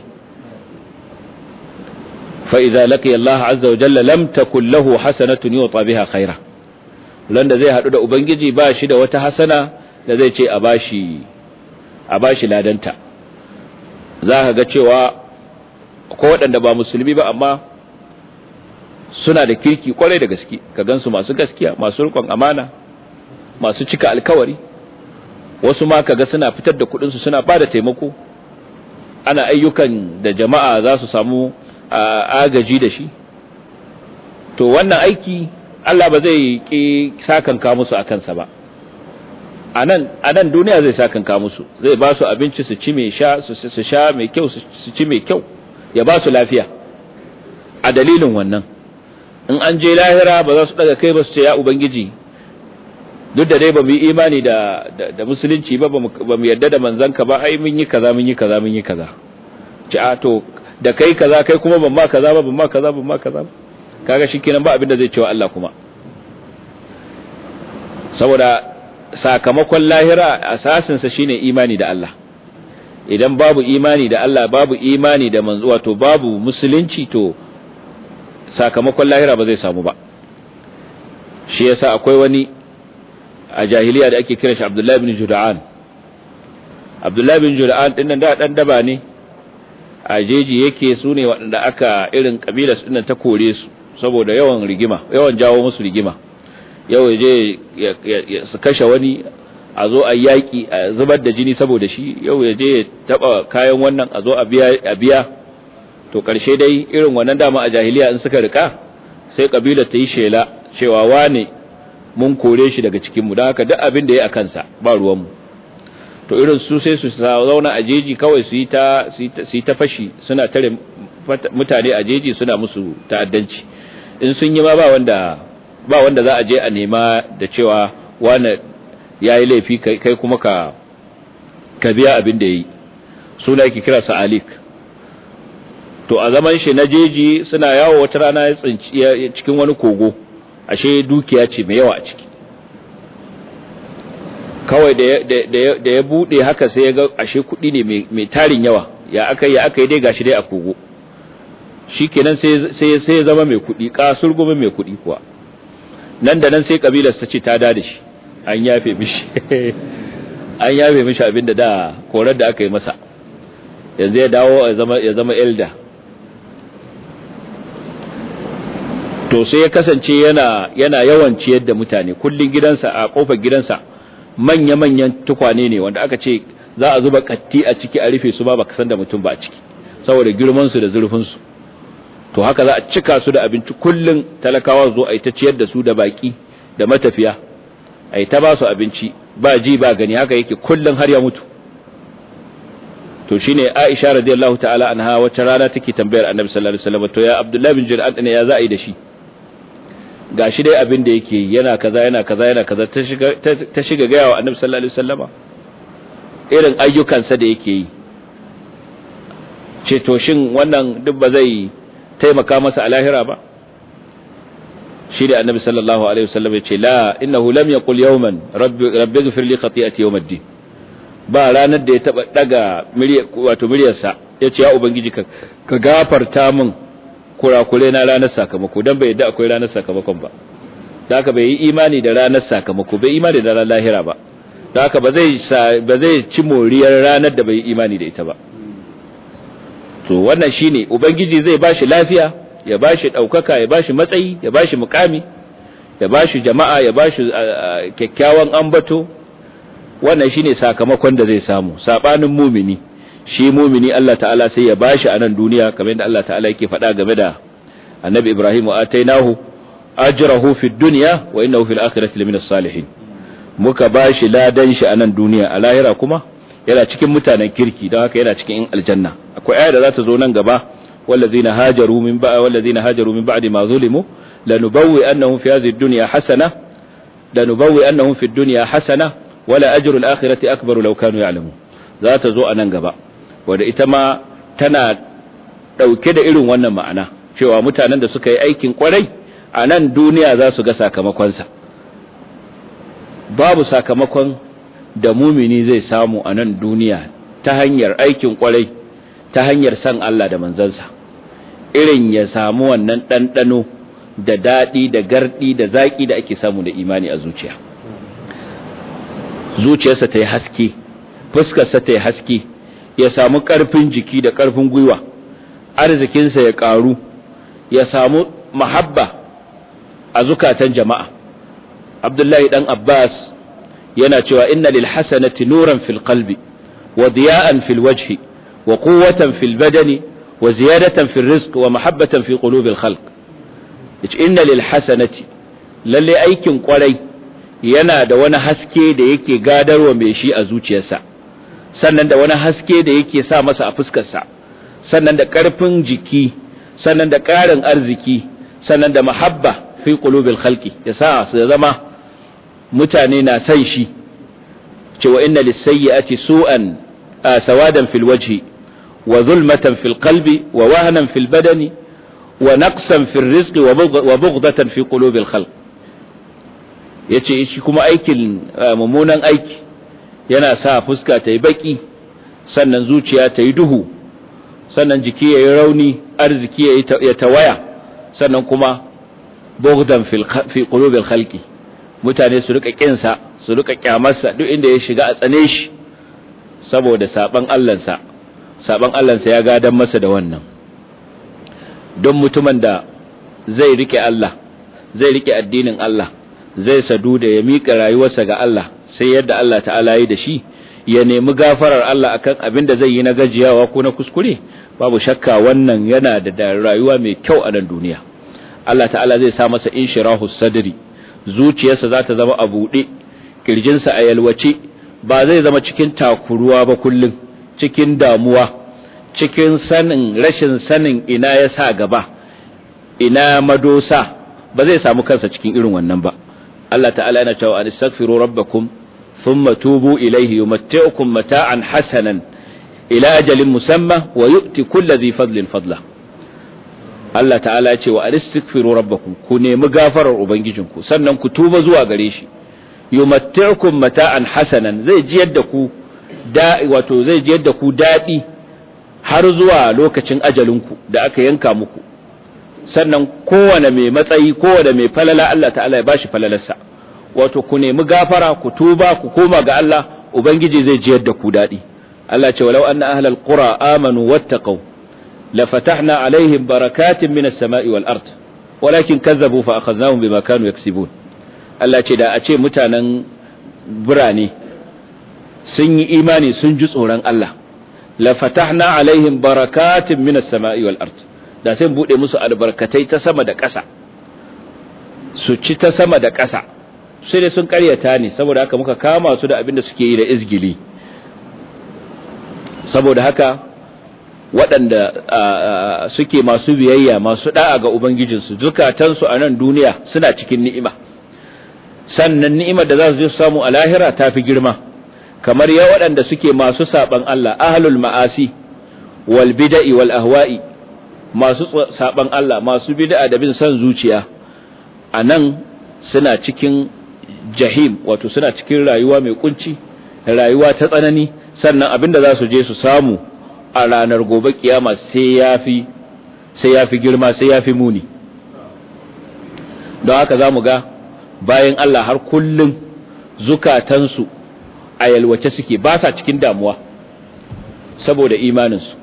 fa idza laqiya Allah azza wa jalla lam takul lahu hasanatun yuta biha khaira landa zai hadu da ubangiji ba shi da wata hasana da zai ce a bashi a bashi ladanta za ka ga cewa ko waɗanda ba musulmi ba amma suna da kirki kwarai da gaske ka gansu masu gaskiya masu rikon amana masu cika alkawari wasu ma kaga suna fitar da kuɗinsu suna bada taimako ana ayyukan da jama'a za su samu agaji da shi to wannan aiki Allah ba zai ƙi sakanka musu a kansa ba a nan duniya zai sakanka musu zai ba su abinci su ci mai mai kyau su ci mai kyau ya ba su lafiya a dalilin wannan in an je lahira ba za su daga kai ba su ce ya ubangiji duk da dai ba mu yi imani da da musulunci ba ba mu yarda da manzanka ba ai mun yi kaza mun yi kaza mun yi kaza ci a ah, to da kai kaza kai kuma ban ma kaza ba ban ma kaza ban ma kaza kaga shikenan ba abin da zai cewa Allah kuma saboda sakamakon lahira asasin sa shine imani da Allah idan babu imani da Allah babu imani da manzo wato babu musulunci to sakamakon lahira ba zai samu ba shi yasa akwai wani a jahiliya da ake kiran shi abdullahi bin jura'an abdullahi bin juda'an nan da ɗan daba ne a jeji yake su ne waɗanda aka irin kabilar su ta kore su saboda yawan rigima yawan jawo musu rigima yau je su kashe wani a zo a yaƙi a zubar da jini saboda shi yau ya je taɓa kayan wannan a zo a biya to ƙarshe dai irin wannan dama a jahiliya in suka rika sai ƙabilar ta yi shela cewa wane mun kore shi daga cikinmu don haka duk abin da ya a kansa ba ruwanmu to irin su sai su zauna a jeji kawai su yi ta fashi suna tare mutane a jeji suna musu ta'addanci in sun yi ma ba wanda ba wanda za a je a nema da cewa wani ya yi laifi kai kuma ka ka biya abin da ya yi suna yake kira sa alik to a zaman shi na jeji suna yawo wata rana ya tsinci cikin wani kogo ashe dukiya ce mai yawa a ciki kawai da ya bude haka sai ya ga ashe kudi ne mai tarin yawa ya aka ya aka yi dai gashi dai a kogo shikenan sai sai sai ya zama mai kudi kasur gobe mai kudi kuwa nan da nan sai kabilar ta ce ta dade shi an yafe mishi an yafe mishi abinda da korar da aka yi masa yanzu ya dawo ya zama ya zama elder to sai ya kasance yana yana yawan ciyar da mutane kullun gidansa a kofar gidansa manya manyan tukwane ne wanda aka ce za a zuba katti a ciki a rufe su ba baka san da mutum ba a ciki saboda girman su da zurfin su to haka za a cika su da abinci kullun talakawa zo a ita ta ciyar da su da baki da matafiya a ita ba su abinci ba ji ba gani haka yake kullun har ya mutu to shine Aisha radiyallahu ta'ala anha wata rana take tambayar Annabi sallallahu alaihi wasallam to ya Abdullah bin ne ya za'i da shi Ga shi dai abin da yake yana kaza yana kaza yana kaza ta shiga gaya wa annabi sallallahu alaihi wasallama irin ayyukansa da yake yi ce to shin wannan duk ba zai taimaka masa a lahira ba shi da annabi sallallahu alaihi wasallama ya ce la innahu lam yaqul yawman rabbi rabbi ighfir li khati'ati yawm ad-din ba ranar da ya taba daga wato miryarsa ya ce ya ubangiji ka gafarta min kurakure na ranar sakamako dan bai yadda akwai ranar sakamakon ba da haka bai yi imani da ranar sakamako bai imani da ranar lahira ba da haka ba zai ci moriyar ranar da bai yi imani da ita ba to wannan shine ubangiji zai ba shi lafiya ya ba shi ɗaukaka ya ba shi matsayi ya ba shi mukami ya ba shi jama'a ya ba shi kyakkyawan ambato wannan shine sakamakon da zai samu saɓanin mumini shi mumini Allah ta'ala sai ya bashi a nan duniya kamar yadda Allah ta'ala yake faɗa game da annabi Ibrahim wa atainahu ajrahu fid dunya wa innahu fil akhirati laminas salihin muka bashi ladan shi a nan duniya a lahira kuma yana cikin mutanen kirki don haka yana cikin aljanna akwai aya da za ta zo nan gaba wallazina hajaru min ba'a wallazina hajaru min ba'di ma zulimu lanubawwi annahum fi hadhihi dunya hasana lanubawwi annahum fid dunya hasana wala ajru al-akhirati akbar law kanu ya'lamun za ta zo a nan gaba wadda ita ma tana ɗauke da irin wannan ma'ana cewa mutanen da suka yi aikin kwarai a nan duniya za su ga sakamakonsa babu sakamakon da mumini zai samu a nan duniya ta hanyar aikin ƙwarai, ta hanyar san Allah da manzansa irin ya samu wannan ɗanɗano da daɗi da garɗi da zaƙi da ake samu da imani a zuciya zuciyarsa ta yi haske fuskarsa ta yi haske ya samu ƙarfin jiki da ƙarfin gwiwa arzikinsa ya ƙaru ya samu mahabba a zukatan jama'a abdullahi dan abbas yana cewa inna lil hasanati nuran fil qalbi wa diya'an fil wajhi wa quwwatan fil badani wa ziyadatan fil rizq wa mahabbatan fi qulubil khalq inna lil hasanati lalle aikin kwarai yana da wani haske da yake gadarwa mai shi a zuciyarsa sannan da wani haske da yake sa masa a fuskarsa sannan da ƙarfin jiki sannan da ƙarin arziki sannan da mahabba fi qulubil khalqi ya sa su zama mutane na san shi cewa inna lisayyi'ati su'an sawadan fil wajhi wa zulmatan fil qalbi wa wahnan fil badani wa naqsan fil rizqi wa bughdatan fi qulubil khalq yace shi kuma aikin mummunan aiki yana sa fuska ta yi baki sannan zuciya ta yi duhu sannan jiki ya yi rauni arziki ya tawaya sannan kuma bogdan fi qulubil halki, mutane su rika ƙinsa su rika ƙyamarsa duk inda ya shiga a tsane shi saboda saban allansa saban allansa ya gadan masa da wannan don mutumin da zai rike Allah zai rike addinin Allah zai sadu da ya miƙa rayuwarsa ga Allah sai yadda Allah ta'ala yi da shi ya nemi gafarar Allah akan abin da zai yi na gajiyawa ko na kuskure babu shakka wannan yana da rayuwa mai kyau a nan duniya Allah ta'ala zai sa masa inshirahu sadri zuciyarsa za ta zama a buɗe kirjinsa a yalwace ba zai zama cikin takuruwa ba kullum cikin damuwa cikin sanin rashin sanin ina ya sa gaba ina madosa ba zai samu kansa cikin irin wannan ba Allah ta'ala yana cewa astaghfiru rabbakum thumma tubu ilayhi yumatti'ukum mata'an hasanan ila ajalin musamma wa yu'ti kulli dhi fadlin Allah ta'ala ya ce wa astaghfiru rabbakum ku nemi gafarar ubangijinku sannan ku tuba zuwa gare shi yumatti'ukum mata'an hasanan zai ku da wato zai jiyar da ku dadi har zuwa lokacin ajalinku da aka yanka muku sannan kowane mai matsayi kowane mai falala Allah ta'ala ya bashi falalarsa wato ku nemi gafara ku tuba ku koma ga Allah ubangiji zai jiyar da ku dadi Allah ce walau anna ahlal qura amanu wattaqu la fatahna alaihim barakatin minas sama'i wal ard walakin kazzabu fa akhadnahum bima kanu yaksibun Allah ce da a ce mutanen birane sun yi imani sun ji tsoron Allah la fatahna alaihim barakatin minas sama'i wal ard da sai bude musu albarkatai ta sama da ƙasa su ci ta sama da ƙasa sai dai sun karyata ne saboda haka muka kama su da abin da suke yi da izgili saboda haka waɗanda suke masu biyayya masu da'a ga ubangijinsu zukatansu a nan duniya suna cikin ni'ima sannan ni'imar da za su je samu alahira lahira ta fi girma kamar ya waɗanda suke masu saɓan Allah ahalul ma'asi wal bida'i wal ahwa'i masu saɓan Allah masu bida'a da bin son zuciya a nan suna cikin jahim wato suna cikin rayuwa mai kunci rayuwa ta tsanani sannan abinda za su je su samu a ranar gobe kiyama sai yafi sai yafi girma sai yafi muni don haka zamu ga bayan Allah har kullun zukatansu a yalwace suke ba sa cikin damuwa saboda imaninsu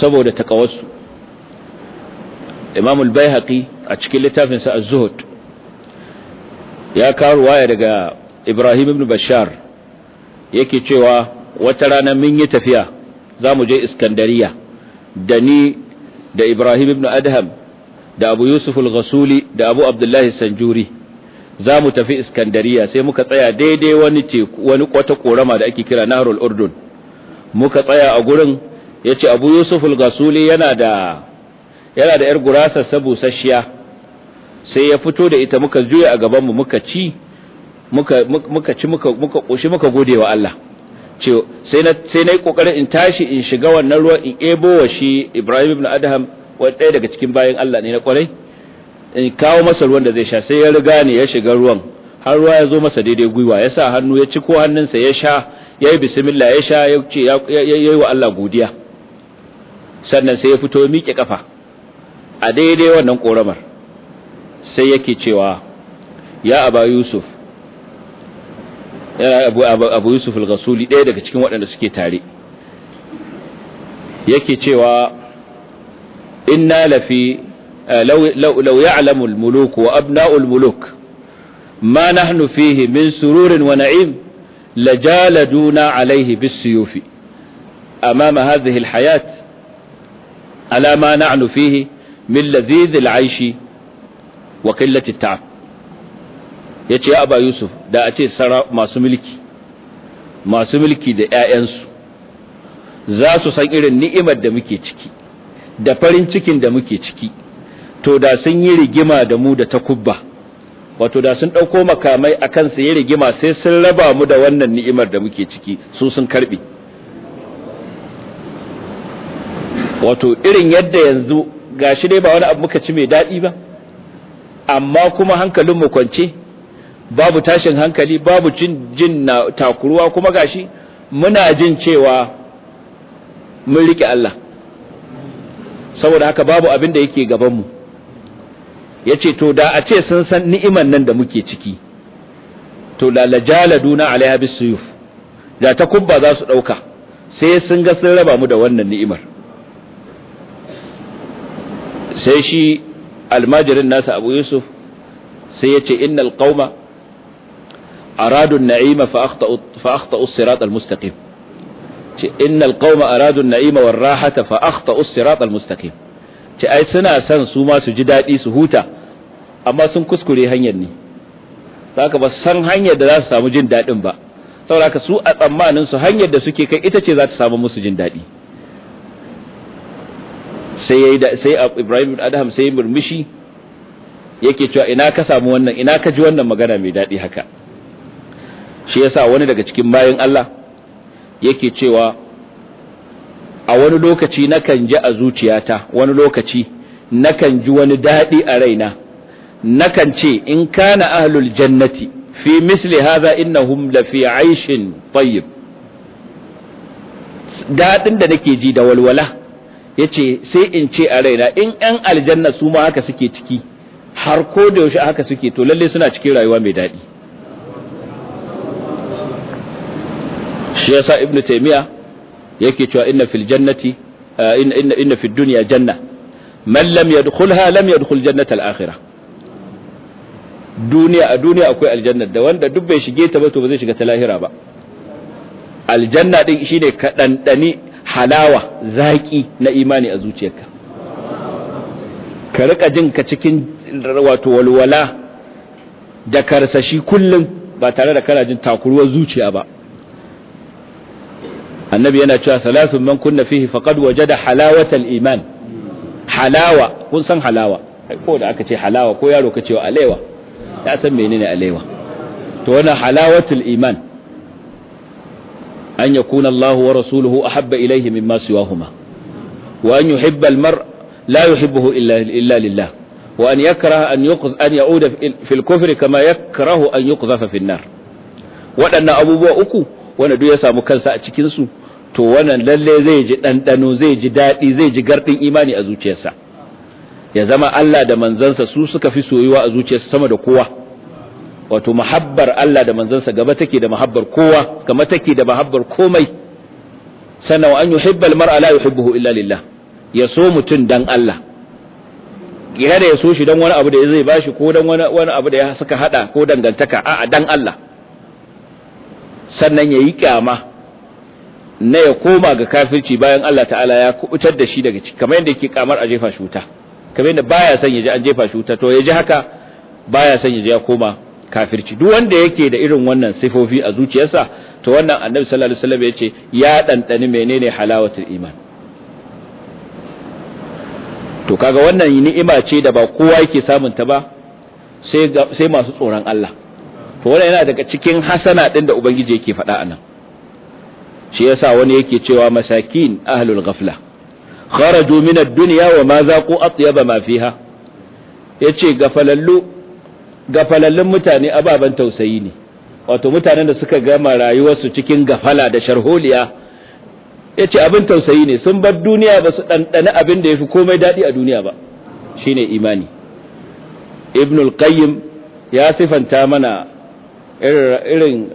saboda takawarsu imamul bayhaqi a cikin littafinsa az-zuhd ya kawo waya daga Ibrahim ibn Bashar yake cewa wata rana mun yi tafiya za mu je Iskandariya da ni da Ibrahim ibn Adham da Abu Yusuf al-Ghasuli da Abu Abdullah Sanjuri za mu tafi Iskandariya sai muka tsaya daidai wani teku wani kwata korama da ake kira Nahrul Urdun muka tsaya a gurin yace Abu Yusuf al-Ghasuli yana da yana da yar gurasa sabusasshiya sai ya fito da ita muka juya a gabanmu muka ci muka muka ci muka muka koshi muka gode wa Allah ce sai na sai nayi kokarin in tashi in shiga wannan ruwan in ebo wa shi Ibrahim ibn Adham ɗaya daga cikin bayan Allah ne na kwarai in kawo masa ruwan da zai sha sai ya riga ne ya shiga ruwan har ruwa ya zo masa daidai gwiwa ya sa hannu ya ci ko hannunsa ya sha ya yi bismillah ya sha ya ce ya yi wa Allah godiya sannan sai ya fito ya miƙe kafa a daidai wannan koramar sai yake cewa ya aba yusuf ya abu, abu yusuf al-gasuli ɗaya daga cikin waɗanda suke tare yake cewa inna lafi law law ya'lamu al-muluk wa abna'u al-muluk ma nahnu fihi min sururin wa na'im lajaladuna alayhi bis-suyufi amama hadhihi al-hayat ala ma na'nu fihi min ladhidh al aishi wa qillati ya yace ya aba yusuf da a ce masu mulki masu mulki da 'ya'yansu za su san irin ni'imar da muke ciki da farin cikin da muke ciki to da sun yi rigima da mu da takubba wato da sun ɗauko makamai a su yi rigima sai sun raba mu da wannan ni'imar da muke ciki su sun karɓi wato irin yadda yanzu gashi dai ba wani abu muka ci mai daɗi ba amma kuma hankalin mu kwance babu tashin hankali babu jin jin takuruwa kuma gashi muna jin cewa mun rike Allah saboda haka babu abin da yake gaban mu yace to da a ce sun san ni'iman nan da muke ciki to na alaiha bisuyuf da ta kubba za su dauka sai sun ga sun raba mu da wannan ni'imar sai shi almajirin nasa abu yusuf sai ya ce innal qauma aradu an-na'ima fa akhta'u fa akhta'u as-sirat al-mustaqim ce innal qauma aradu an-na'ima war-rahata fa akhta'u as-sirat al-mustaqim ce ai suna son su ma su ji dadi su huta amma sun kuskure hanyar ne saka ba san hanyar da za su samu jin dadin ba saboda su a tsammanin su hanyar da suke kai ita ce za ta samu musu jin dadi sai yayi da sai Ibrahim bin Adham sai murmushi yake cewa ina ka samu wannan ina ka ji wannan magana mai dadi haka shi yasa wani daga cikin bayin Allah yake cewa a wani lokaci nakan ji a zuciyata wani lokaci nakan ji wani dadi a raina nakan ce in kana ahlul jannati fi misli hadha innahum la fi aishin tayyib dadin da nake ji da walwala yace sai in ce a raina in yan aljanna su ma haka suke ciki har ko da yaushe haka suke to lalle suna cikin rayuwa mai daɗi shi yasa ibnu taymiya yake cewa inna fil jannati eh, inna inna fil dunya janna man lam yadkhulha lam yadkhul jannata akhirah duniya a duniya akwai aljanna da wanda duk bai shige ta ba to ba zai shiga ta lahira ba aljanna din shine kaɗanɗani. dani halawa zaki na imani a zuciyarka ka rika jin ka cikin wato walwala da karsashi kullum ba tare da kana jin takuruwar zuciya ba annabi yana cewa salasun man kunna fihi faqad wajada halawatal iman halawa kun san halawa ko da aka ce halawa ko yaro ka cewa alewa ya san menene alewa to wannan halawatul iman an yakuna Allahu wa rasuluhu ahabba ilayhi mimma siwahuma wa an yuhibba al-mar la yuhibbuhu illa illa lillah wa an yakraha an yuqdh an ya'uda fil kufr kama yakrahu an yuqdhafa fin nar waɗannan abubuwa uku wanda duk ya samu kansa a cikin su to wannan lalle zai ji ɗanɗano zai ji daɗi zai ji garɗin imani a zuciyarsa ya zama Allah da manzansa su suka fi soyuwa a zuciyarsa sama da kowa wato mahabbar Allah da manzansa gaba take da mahabbar kowa gaba take da mahabbar komai sannan wa an yuhibba almar'a la yuhibbuhu illa lillah ya so mutun dan Allah kira da ya so shi dan wani abu da zai shi, ko dan wani wani abu da ya saka hada ko dangantaka a dan Allah sannan yayi kyama na ya koma ga kafirci bayan Allah ta'ala ya kubutar da shi daga ciki kamar yadda yake kamar a jefa shuta kamar yadda baya son ya ji an jefa shuta to ya ji haka baya son ya ji ya koma kafirci duk wanda yake da irin wannan sifofi a zuciyarsa to wannan annabi sallallahu alaihi wasallam yace ya dandani menene halawatul iman to kaga wannan ni'ima ce da ba kowa yake samun ta ba sai sai masu tsoron Allah to wannan yana daga cikin hasana din da ubangiji yake faɗa anan shi yasa wani yake cewa masakin ahlul ghafla kharaju min ad-dunya wa ma zaqu atyaba ma fiha yace gafalallu gafalallun mutane ababen tausayi ne wato mutanen da suka gama rayuwarsu cikin gafala da sharholiya ya ce abin tausayi ne sun bar duniya ba su ɗanɗana abin da ya fi komai daɗi a duniya ba Shi ne imani ibnul qayyim ya sifanta mana irin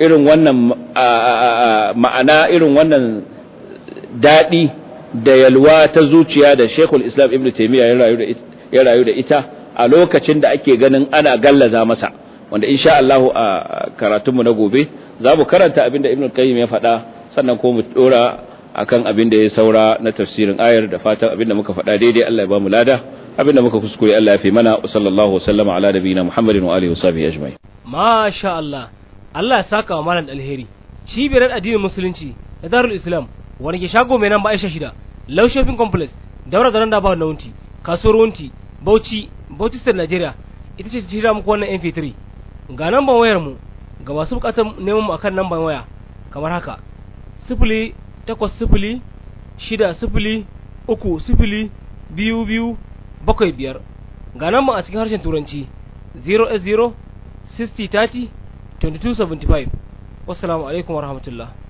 irin wannan ma'ana irin wannan daɗi da yalwa ta zuciya da shekul islam ibn taimiyya ya rayu da ita a lokacin da ake ganin ana gallaza masa wanda insha Allah a karatunmu na gobe za mu karanta abinda Ibn Qayyim ya faɗa sannan ko mu dora akan abinda ya saura na tafsirin ayar da fatan abinda muka faɗa daidai Allah ya ba mu lada abinda muka kuskure Allah ya fi mana sallallahu wa sallama ala nabiyina Muhammadin wa alihi wa sahbihi ajma'in masha Allah Allah ya saka wa malam alheri cibiyar addinin musulunci da Darul Islam wani ke shago mai nan ba Aisha shida Law Shopping Complex daura da nan da ba nauti kasuwar Wunti Bauchi Bautista najeriya ita ce jira muku wannan MP3 ga namban wayar mu ga masu bukatar neman mu akan namban waya kamar haka sifili shida sifili uku sifili biyar ga namban a cikin harshen turanci 080 60 alaikum warahmatullahi